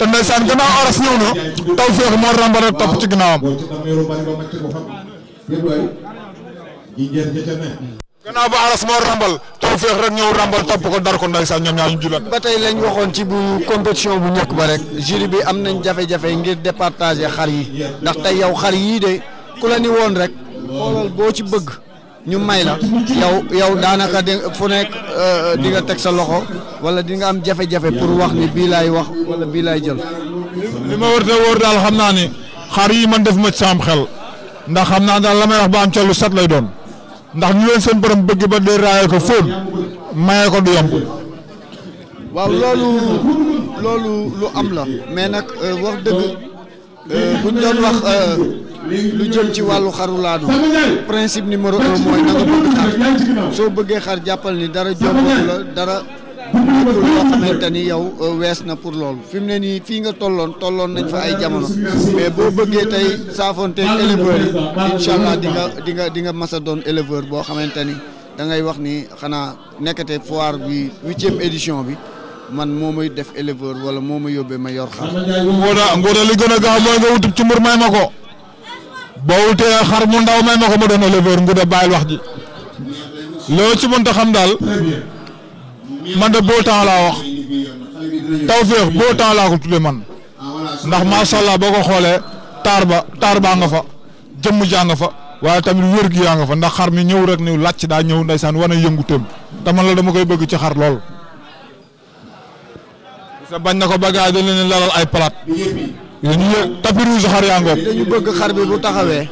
te ndeysaan gannaaw oras ñëw na taw féex moo rambal ak topp ci gannaawam. gannaaw ba aras moo rambal taw rek ñëw rambal topp ko dar ko ndeysaan ñoom ñaar ñu julat ba tey lañ waxoon ci bu compétition bu njëkk ba rek jury bi am nañ jafe-jafe ngir départager xar yi ndax tey yow xar yii de ku la woon rek xoolal boo ci bëgg. ñu may la yow yow daanaka di fu nekk euh, euh, di nga teg sa loxo wala di nga am jafe-jafe pour wax ni bii laay wax wala bii laay jël. li ma wërte wóor daal xam naa ni xaar yi man def ma ci am xel ndax xam naa daal la may wax ba am ca lu sat lay doon ndax ñu leen seen borom bëgg ba dee raayee ko fóon mayee ko du yomb. waaw loolu loolu lu am la mais nag euh, wax dëgg buñ doon wax. lu jëm ci prinsip do principe numéro 1 moy na nga bëgg xar so bëgge xar jappal ni dara jombatu la dara nekkul loo xamante yow euh, wees na pour loolu fi ne nii fii nga tolloon tolloon nañ fa ay jamono mais boo bëggee tey saafonteeg éleveurs yi di nga di nga di nga bi édition bi man moo def éleveur wala moo ma ma yor li gaaw nga boo wutee xar mu ndaw may ma ko ma doon éleveur ngu da bàyyil wax ji loo ci mënta xam daal man de boo temps laa wax tawféex beau temps laa ko tuddee man ndax macha allah boo ko xoolee taar ba taar baa nga fa jëm jaa nga fa waaye tamit wér gi yaa nga fa ndax xar mi ñëw rek ni làcc daa ñëw ndaysaan wane yëngu tëm te man la dama koy bëgg ci xar lool. sa bañ na ko bagaay dañ leen lalal ay palaat. ñu yë tapis rouge xar yaa ngoog. dañu bëgg xar bi bu taxawee.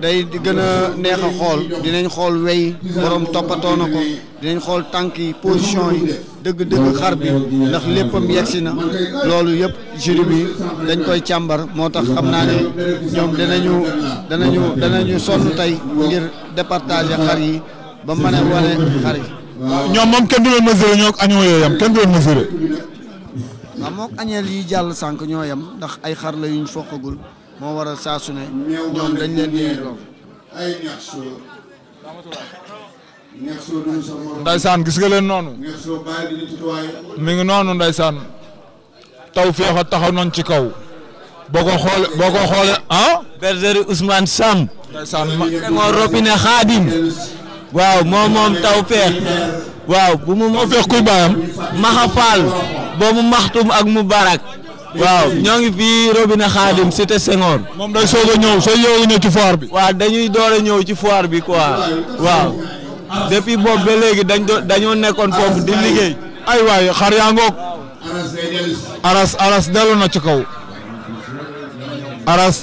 day gën a neex a xool dinañ xool wey borom toppatoo na ko dinañ xool tànk yi position yi dëgg-dëgg xar bi ndax léppam yegsi na loolu yëpp jury bi dañ koy càmbar moo tax xam naa ne ñoom danañu danañu danañu sonn tey ngir départager xar yi ba mën a wane xar yi. ñoom moom kenn du leen mesurer ñoo añoo yooyam kenn du leen mesurer waaw mook añeel yi jàll sànq ñoo yem ndax ay xar la yuñ foqagul moo waral saa su ne ñoom dañ leen di lool ay ndaysaan gis nga leen noonu ñax mi ngi noonu ndaysaan taw feexa taxaw ci kaw boo ko xoole boo ko xoole ah bergerie Ousmane Sam moo robine Xaadim waaw moom moom tawfeex waaw bu mu tawfeex kuy baayam maxa faal boobu maxtum ak mu barak waaw ñaa ngi fii Robina Khadim cité Senghor. moom dañ soog a ñëw soo yow ci foire bi. waaw dañuy door a ñëw ci foire bi quoi. waaw depuis boobu ba léegi dañ dañoo nekkoon foofu di liggéey. ay waay xar ngoog. aras aras dellu na ci kaw. aras.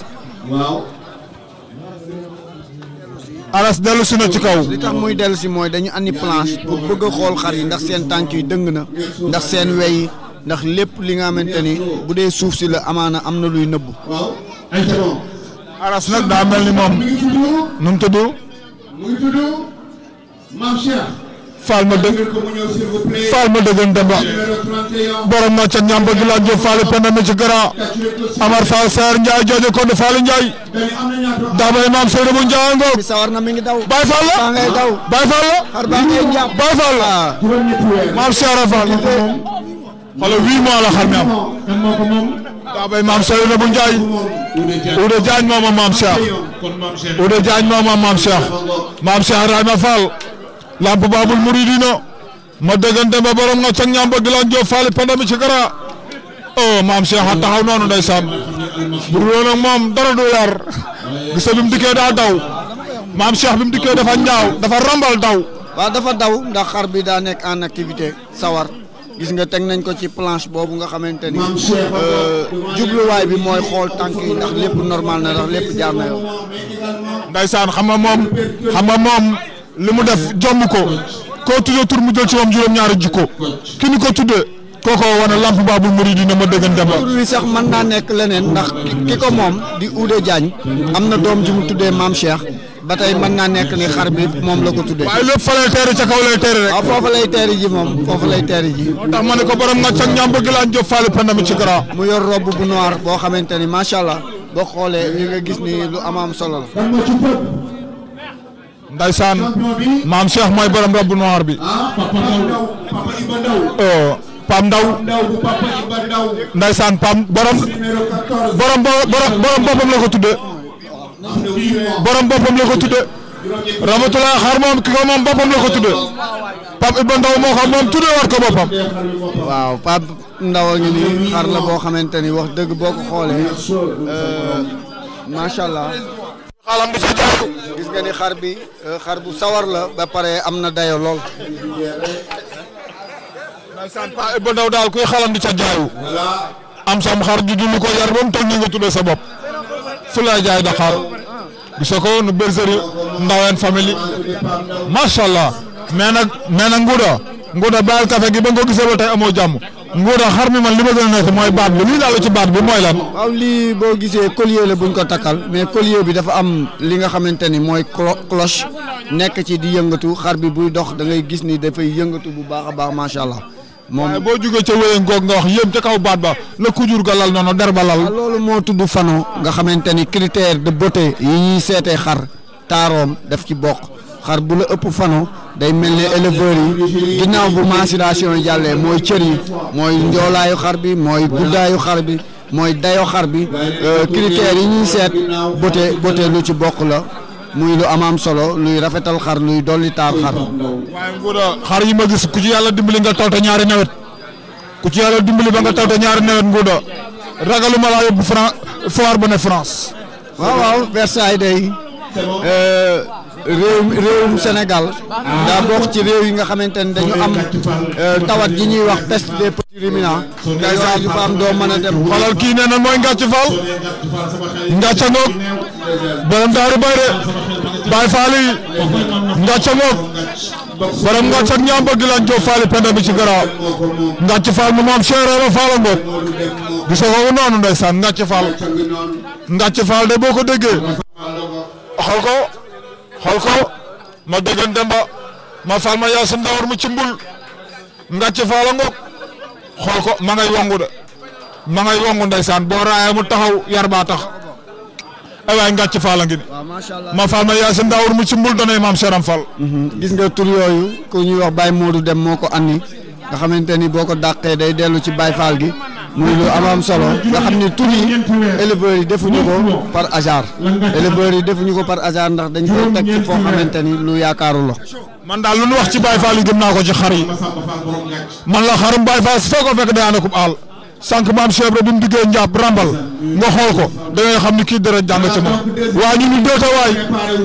alas dellu si na ci kaw. li tax muy dellu si mooy dañu andi planche pour bëgg a xool xar yi ndax seen tànk yi dëng na ndax seen wey yi ndax lépp li nga xamante ni bu dee suuf si la amaana am na luy nëbbu. aras nag mel ni moom faal ma dëgg faal ma dëggoon Demba borom ma ca ñam ba Gila Diop faale penda ni ci gara Amar Fall Seer Ndiaye jooju kon Faal Ndiaye daamay maam Seydou bu Ndiaye ngoog Baye Fall la Baye Fall la Baye Fall la ah. maam Seera Fall xale huit mois la xar mi am daamay maam Seydou bu Ndiaye Oude Diagne moom maam Cheikh Oude maam Cheikh maam lamp babul muridino ma dëggante ba borom nga ca ñam bëgg jo faali pandami ci kara oh mam Cheikh haw nonu day sam bu dul ak mom dara do yar gis bi mu dikkee daa daw mam Cheikh bim dikke dafa ñaaw dafa rombal daw wa dafa daw ndax xar bi da nek en activité sawar gis nga tek nañ ko ci planche bobu nga euh djublu way bi moy xol tanki ndax lepp normal na ndax lépp jaar na yoon ndaysan xam nga xam nga limu def jom ko ko tuddo tur mu jël ci moom juróom ñaara jikko kini ko tuddee koko wane lamp babu mouride ne ma dëggante dama tur wi sax man na nek leneen ndax kiko mom di Oudé Diagne amna dom ji mu tuddé mam Cheikh batay man na nek ni xar bi moom la ko tuddé way lépp falay téré ci kaw lay téré rek. fofu lay téré ji mom fofu lay téré ji. motax tax ko borom nga ci ñam bëgg la ñu faalu pandam ci grand. mu yor robbu bu noir bo xamanteni ni macha allah boo xoolee li nga gis ni lu amam solo la. ndeysaan maam Cheikh mooy borom robe noir bi. Ah, oh, Pam Ndaw ndeysaan Pam borom borom borom la ko tudde borom boppam la ko tudde Ramatullah xar moom ki moom boppam la ko tudde Pam Iba moo xam moom tudde war ko boppam waaw Pam Ndaw a ngi nii xar la boo xamante ni dëgg boo ko euh, xaalam bi sa bi xar bu sawar la ba pare am na dayo lool ndeysaan ba ndaw daal kuy xalam di ca jaayu am sam xar ju julli ko yar ba mu toll nga tuddee sa bopp fu lay jaay da xar gisoo ko nu bergerie Ndaween famille macha allah mais na mais nag nguuda nguuda baal café gi ba nga ko gisee ba tey amoo jàmm Ngouda xar mi man li ma gën a nekk mooy baat bi lii daal ci baat bi mooy lan. waaw lii boo gisee collier la buñ ko takkal mais collier bi dafa am li nga xamante ni mooy cloche nekk ci di yëngatu xar bi buy dox da ngay gis ni dafay yëngatu bu baax a baax macha allah. moom boo jógee ca wéyeen goog nga wax yéem ca kaw baat ba la kujur ga lal noonu der ba lal. loolu moo tudd fano nga xamante ni critère de beauté yi ñuy seetee xar taaroom daf ci bokk. xar bu la ëpp fanu day mel ne éleveurs yi ginnaaw bu mensuration yi jàllee mooy cër yi mooy njoolaayu xar bi mooy guddaayu xar bi mooy dayo xar bi euh, critères yi ñuy seet bote bote lu ci bokk la muy lu amaam solo luy rafetal xar luy dolli taar xar. waaye Ngouda xar yi ma gis ku ci yàlla dimbali nga taw ñaari nawet ku ci yàlla dimbali ba nga taw te ñaari nawet Ngouda ragaluma laa yóbbu Fran foire ba ne France. waaw waaw Versailles day. Euh, réew réewum Sénégal daa bokk ci réew yi nga xamante ne dañu am euh, tawat gi ñuy wax peste des petits ruminants day saa yu fa mën a dem xoolal kii nee na mooy Ngathie Fall Ngathie ngoog borom daaru ak ñaam bëgg lañ joo Fall penda ci garaaw Ngathie Fall mu maam Cheikh Ibra Fall ngoog gisoo ko noonu ndeysaan Ngathie Fall Ngathie Fall de boo ko déggee xool ko xool ko ma déggoon Demba ma faal ma yaa seen mu ci mbul ngàcc faal a ngoog xool ko ma ngay wongu de ma ngay wongu ndeysaan boo raaya mu taxaw yar baa tax ay waay ngàcc faal a ngi ni ma faal ma yaa seen mu ci mbul danay maam seeram faal mhm. gis nga tur yooyu ku ñuy wax Baye Modou Dem moo ko andi nga xamante ni boo ko dàqee day dellu ci baay Faal gi muy lu am am nga xam ne tur yi éleveurs yi defuñu ko par hasard éleveurs yi defuñu ko par hasard ndax dañ koy teg ci foo xamante ni lu yaakaaru la. man daal lu ñu wax ci Baye Fall yi gëm naa ko ci xar yi man la xarum Baye Fall foo ko fekk day ànd ak àll sànq maam Cheikh Ibrahima bi mu diggee njàpp ràmbal nga xool ko da xam ni kii dara jàng ci moom waa ñu ni doota waay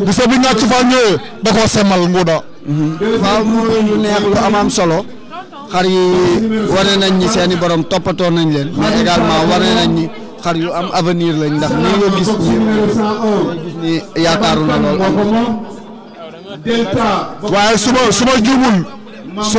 bu soobee ñàkk fa ñëwee da koo semmal nguuda. waaw mooy lu neex lu am am solo. xar yi wane nañ ni seeni borom toppatoo nañ leen mais également wane nañ ñi xar yu am avenir lañ ndax ni nga gis ni gis ni yaakaaru na lool waaye su ma su ma jumul su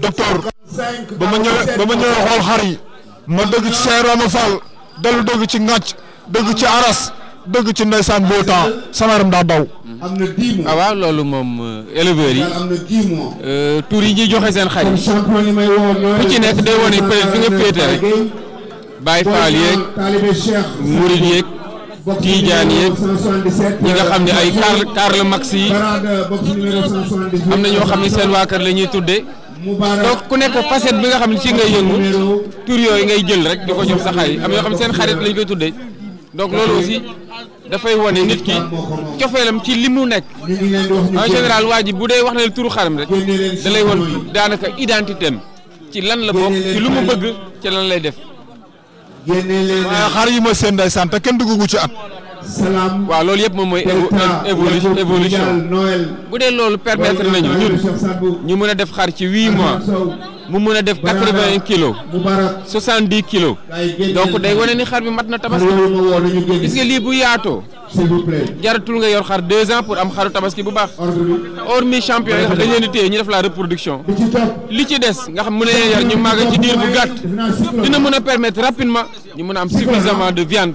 docteur ba ma ñëwee ba ma ñëwee xool xar yi ma dëgg ci Cheikh Rama Fall dëgg ci ŋàcc dëgg ci aras dëgg ci ndeysaan boo temps sama yaram daa daw. ah loolu moom euh, éleveurs yi euh, tur yi ñuy joxe seen xar yi ku ci nekk day wane peut fi nga féete rek Baye Fall yeeg Mouride yeeg Tidiane yeeg ñi nga xam ne ay car car le max yi am na ñoo xam ne seen waa kër la ñuy tuddee. donc ku nekk facette bi nga xam ne ci ngay yëngu tur yooyu ngay jël rek di ko jox sa xarit am yoo xam seen xarit lañ koy tuddee donc loolu aussi dafay wane nit ki cofeelam ci li mu nekk en général waa ji bu dee wax na la turu xaram rek da lay wan daanaka identité am ci lan la bokk ci lu mu bëgg ci lan lay def. waaye xar yi ma seen day sant kenn duggu ci at. vous wa loolu yeb Vous moy evolution permettre nañu ñu mëna def ci 8 mois mu mëna def kilos donc day ni xar bi mat tabaski gis nga li bu avez jaratul nga yor ans pour am xaru tabaski bu baax champion dañ leen la reproduction li ci que nga xam mëna ñu vous permettre rapidement ñu mëna suffisamment de viande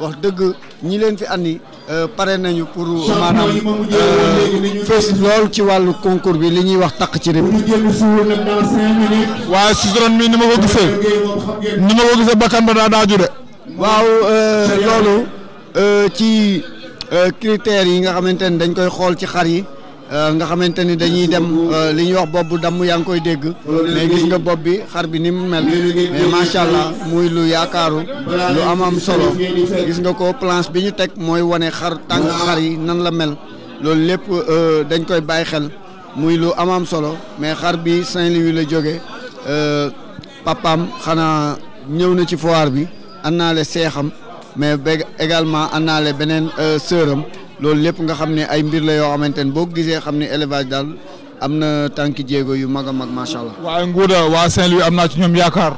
wax dëgg ñi leen fi andi euh, pare nañu pour euh, maanaam euh, fees lool ci wàllu concours bi li ñuy wax takk ci rib waaye suturon mi ni ma ko gisee ni ma ko gisee bakkan ba daa de waaw loolu ci critères yi nga xamante ne dañ koy xool ci xar yi Euh, nga xamante ni dañuy dem euh, li ñu wax bopp bu damm yaa ngi koy dégg mais gis nga bopp bi xar bi ni mu mel mais macha allah muy lu yaakaaru lu am solo gis nga ko planche bi ñu teg mooy wane xar tànk xar yi nan la mel loolu lépp euh, dañ koy bàyyi xel muy lu am am solo mais xar bi Saint-Louis la jóge papaam xanaa ñëw na ci foir bi àndaale seexam mais également àndaale beneen sëram loolu lépp nga xam ne ay mbir la yoo xamante ne boo gisee xam ne élevage daal am na tànki jéego yu mag a mag macha allah. waaye Ngouda waa Saint-Louis am naa ci ñoom yaakaar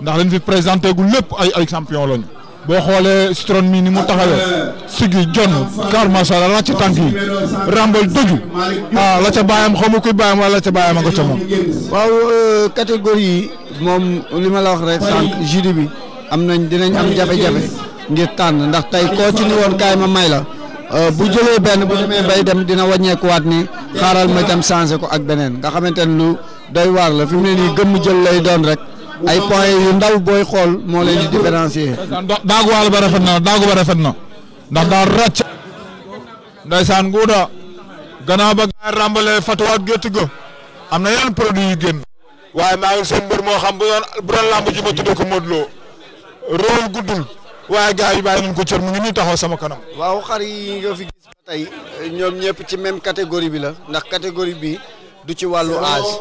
ndax lañ fi présenté gu lépp ay ay champion lañu. boo xoolee citron mi ni mu taxawee sigi jonn kar macha allah ràcc tànk yi rambal doju ah la ca bàyyam xaw ma kuy bàyyam wala la ca bàyyam a ko ca moom. waaw euh, catégorie yi moom li ma la wax rek sànq jury bi am nañ dinañ am jafe-jafe ngir tànn ndax tey koo ci ma may la. Euh, bu jëlee benn bu demee bay dem dina wàññeekuwaat ni xaaral ma tam changé ko ak beneen nga xamante ne lu doy waar la fi mu ne nii gëmm jël lay doon rek ay points yu ndaw booy xool moo leen di différencier. daagu waal ba rafet na daagu ba rafet na ndax daal ràcc. ndaysaan nguuda gannaaw ba gaay ràmbalee fatuwaat gétt ga am na yeneen produit yu génn. waaye maa seen mbër moo xam bu doon bu doon làmb ko Modou Lo. rôle guddul. waaye gars yi bàyyi nañ ko cër mu ngi nii taxaw sama kanam. waaw xar yi nga fi gis ba tey ñoom ñëpp ci même catégorie bi la ndax catégorie bi du ci wàllu âge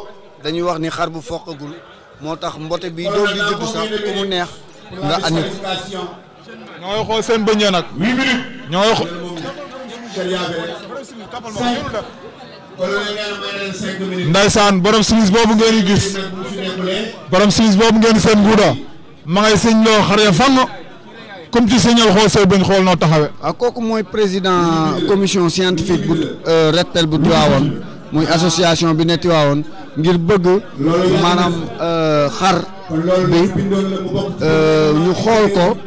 dañuy wax ni xar bu foqagul moo tax mbote bi doom bi juddu sax ku mu neex nga andi ko. ñoo seen bëñ nag. huit minutes borom simis boobu ngeen di gis borom simis boobu ngeen seen guuda ma ngay sëñ loo xar ya fang. comme ci sëñal xool say bañ xool noo taxawee. waaw ah, président commission scientifique bu euh, rettel bu Tiwaawoon association bi ne Tiwaawoon ngir bëgg maanaam euh, xar bi euh, ñu ko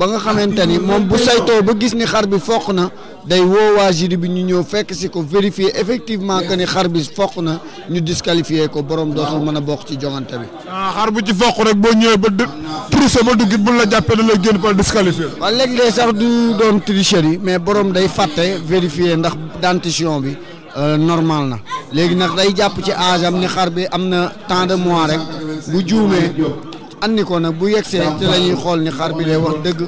ba nga xamante mom bu sayto ba gis ni xar bi foq na day woowaa jury bi ñu ñew fekk ci ko vérifier effectivement que ni xar bi foq na ñu disqualifier ko borom dootul mëna bok ci joŋante bi. ah xar bu ci foq rek bo ñëwee ba dë. tricher ba duggit bu la jappé da lay gën ko disqualifier. waaw léeg-léeg sax du doon tricherie mais borom day faté vérifier ndax dentition bi. Euh, normal na légui nak day japp ci âge am ni xar bi am na de mois rek bu juumee andi ko nag bu yegsee ci la xool ni xar bi lay wax dëgg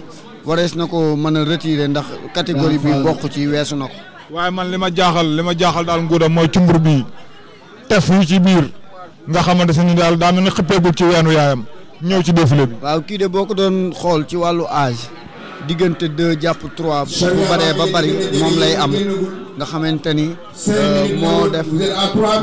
warees na ko mën a retirer ndax catégorie bi bokk ci weesu na ko. waaye man li ma jaaxal li ma jaaxal daal nguuda mooy cumbur bi tef yi ci biir nga xamante ne daal daa mel ni xëppeegul ci weenu yaayam ñëw ci défilé bi. waaw kii de boo ko doon xool ci wàllu âge. diggante deux jàpp trois bu baree ba bari moom lay am nga xamante ni euh, moo def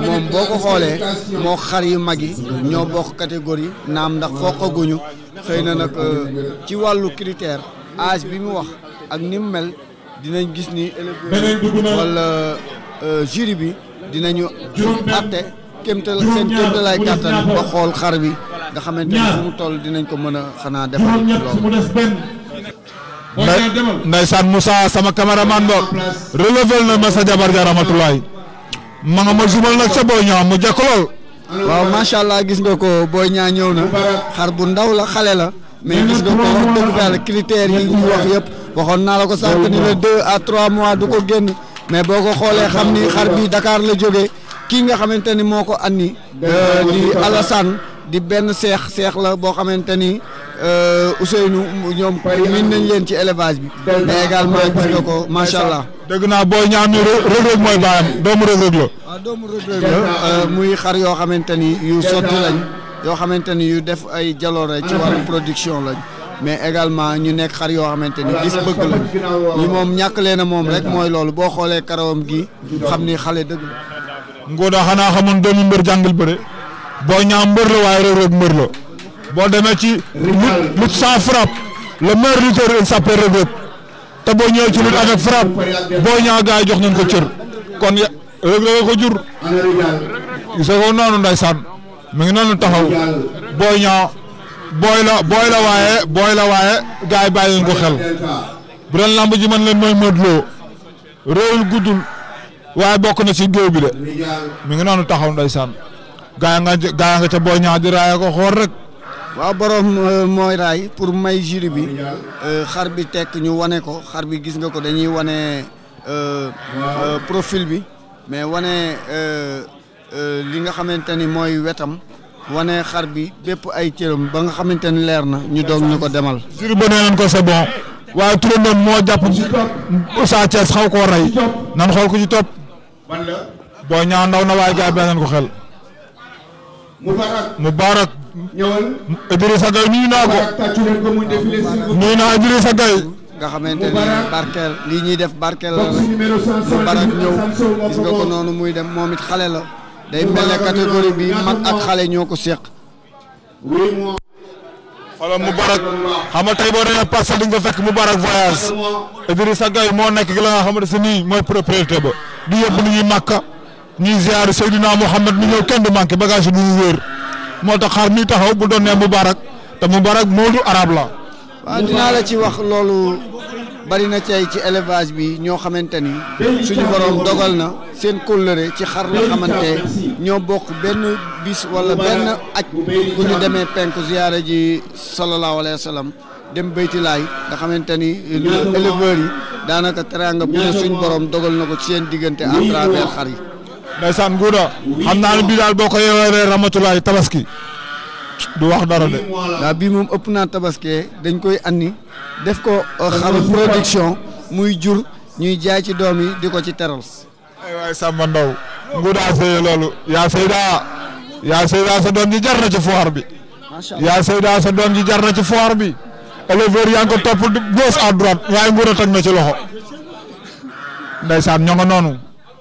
moom boo ko xoolee moo xar yu mag yi ñoo bokk catégorie naam ndax foqaguñu xëy na nag euh, ci wàllu critère âge bi mu wax ak ni mu mel dinañ gis ni éleveur wala euh, jury bi dinañu atte kémtal seen kémtalaay kàttan ba xool xar bi nga xamante ni fu mu toll dinañ ko mën a xanaa defal loolu ndeysaan Moussa sama cameraman ba relevel na ma sa jabar ja Ramatulaay ma nga ma jubal nag sa booy ñaa mu jekk lool waaw macha allah gis nga ko booy ñaa ñëw na xar bu ndaw la xale la mais gis nga ko wax dëgg fa yàlla critères yi ñu wax yëpp waxoon naa la ko sànq ni la deux à trois mois du ko génn mais boo ko xoolee xam ni xar bi Dakar la jógee kii nga xamante ni moo ko andi euh, di Alassane di benn seex seex la boo xamante ni euh, Ousseynou ñoom miin nañ leen ci élevage bi mais également gis ko macha allah. dëgg naa booy ñaam ñu Reug mooy baayam doomu Reug Reug la. Ah, euh, muy xar yoo xamante ni yu sotti lañ yoo xamante ni yu def ay jaloore ci wàllu production lañ. mais également ñu nekk xar yoo xamante ni gis bëgg la ñi moom ñàkk leen a moom rek mooy loolu boo xoolee karawam gi xam ni xale dëgg la. Ngoda xanaa xamoon doomu mbër jàngal bëre. Boy Niang mbër la waaye Reug Reug mbër la boo demee ci lutte sans frappe le meilleur lutteur il s'appelle Reug Reug te boo ñëwee ci lutte avec frappe yi jox nañ ko cër kon ya Reug ko jur gisoo ko noonu ndeysaan mu ngi noonu taxaw Boy Niang booy la booy la waaye booy la waaye gars yi bàyyi nañ xel bu doon lamb ji man leen mooy Modou Lo réewul guddul waaye bokk na si géew bi de mi ngi noonu taxaw ndeysaan gaa nga gaa nga ca booy ñaa di raaya ko xool rek. waaw borom euh, mooy raay pour may jury bi euh, xar bi tekk ñu wane ko xar bi gis nga ko dañuy wane euh, profil bi mais wane li nga xamante ni mooy wetam wane xar bi bépp ay cëram ba nga xamante ni leer na ñu doog ñu ko demal. jury ba nee nañ ko c'est bon. waaye turandoon moo jàpp Sa Thiès xaw koo rey nan xool ku ci topp. booy ñaa ndaw na waaye gaa beneen ko xel. Moubarak Moubarak. ñëwal Idrissa Gueye nuyu naa ko. nuyu naa Idrissa Gueye. nga xamante ni barkeel lii ñuy def barkeel la rek Moubarak ñëw gis nga ko noonu muy dem moom it xale la. day mel ne bi mag ak xale ñoo ko seq. xoolal Moubarak xam nga tey boo demee parcelle di nga fekk Moubarak voyage Idrissa Gueye moo nekk la nga xamante ne nii mooy propriété ba. du yóbbu lu ñuy màkka. ñuy ziar Seydina Mouhamed mu ñëw kenn du manqué bagage bu mu wóor moo tax xar mi taxaw bu doon ne Moubarak te Moubarak moo du arab la. waaw dinaa la ci wax loolu bari na ci ay ci élevage bi ñoo xamante ni suñu borom dogal na seen kóllëre ci xar la xamante ñoo bokk benn bis wala benn aj bu ñu demee penku ziyaare ji sallallahu alayhi wa sallam dem baytilaay nga xamante ni éleveurs yi daanaka teraanga bu ne suñu borom dogal na ko ci seen diggante à yi. ndeysaan nguuda xam naa ne bii daal boo ko yeewaree ramatulaay tabaski du wax dara de. waaw bii moom ëpp naa tabaskee dañ koy andi def ko euh, xam production muy jur ñuy jaay ci doom yi di ko ci teral. aywaay Samba Ndaw nguuda loolu yaa seydaa yaa seydaa sa doom ji jar na ci foire bi. macha allah yaa sa doom ji jar na ci foire bi. éleveur yaa ngi ko topp gauche à droite waaye nguuda teg na ci loxo. ndeysaan ñoo nga noonu.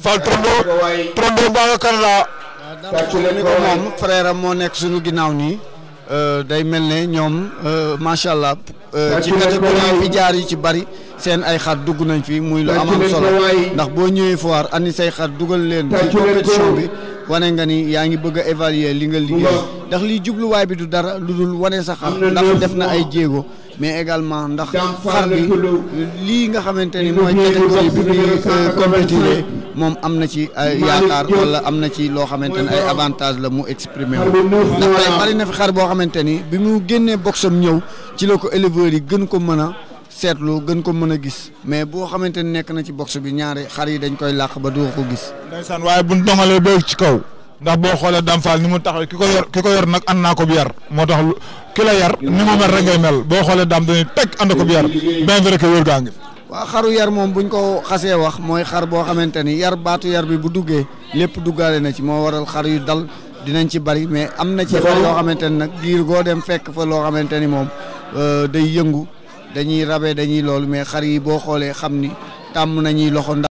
Fall Trondo Trondo Babacar la ni ko moom moo nekk suñu ginnaaw nii euh, day mel ne ñoom euh, macha allah. Euh, ci catégorie fi jaar yi ci bari seen ay xar dugg nañ fi muy lu am am solo ndax boo ñëwee foir andi say xar dugal leen ci bi wane nga ni yaa ngi bëgg a évaluer li nga liggéey ndax liy jubluwaay bi du dara lu dul wane sa xar ndax def na ay jéego mais également ndax xar bi lii nga xamante ni mooy catégorie bi muy euh, compétiré moom am na ci ay yaakaar wala am na ci loo xamante ni ay avantage la mu exprimer wu ndax tey bari fi xar boo xamante ni bi mu génnee boxam ñëw mbër a seetlu a gis mais boo xamante ne nekk na ci bi ñaari xar yi dañ koy làq ba doo ko gis. waaye bu ñu doxalee ba ci kaw ndax boo xoolee Dame Fall ni mu taxawee ki ko yor ko yor nag ànd naa ko bu yar moo tax ki la yar ni mu mel rek ngay mel boo xoolee Dame dañuy teg ànd ko bu yar bien vrai que wóor gaa ngi. waaw xaru yar moom buñ ko xasee wax mooy xar boo xamante ni yar baatu yar bi bu duggee lépp duggaale na ci moo waral xar yu dal dinañ ci bari mais am na ci xale yoo xamante ne nag giir goo dem fekk fa loo xamante ni moom euh, day yëngu dañuy rabe dañuy loolu mais xar yi boo xoolee xam ni tàmm nañuy loxo ndax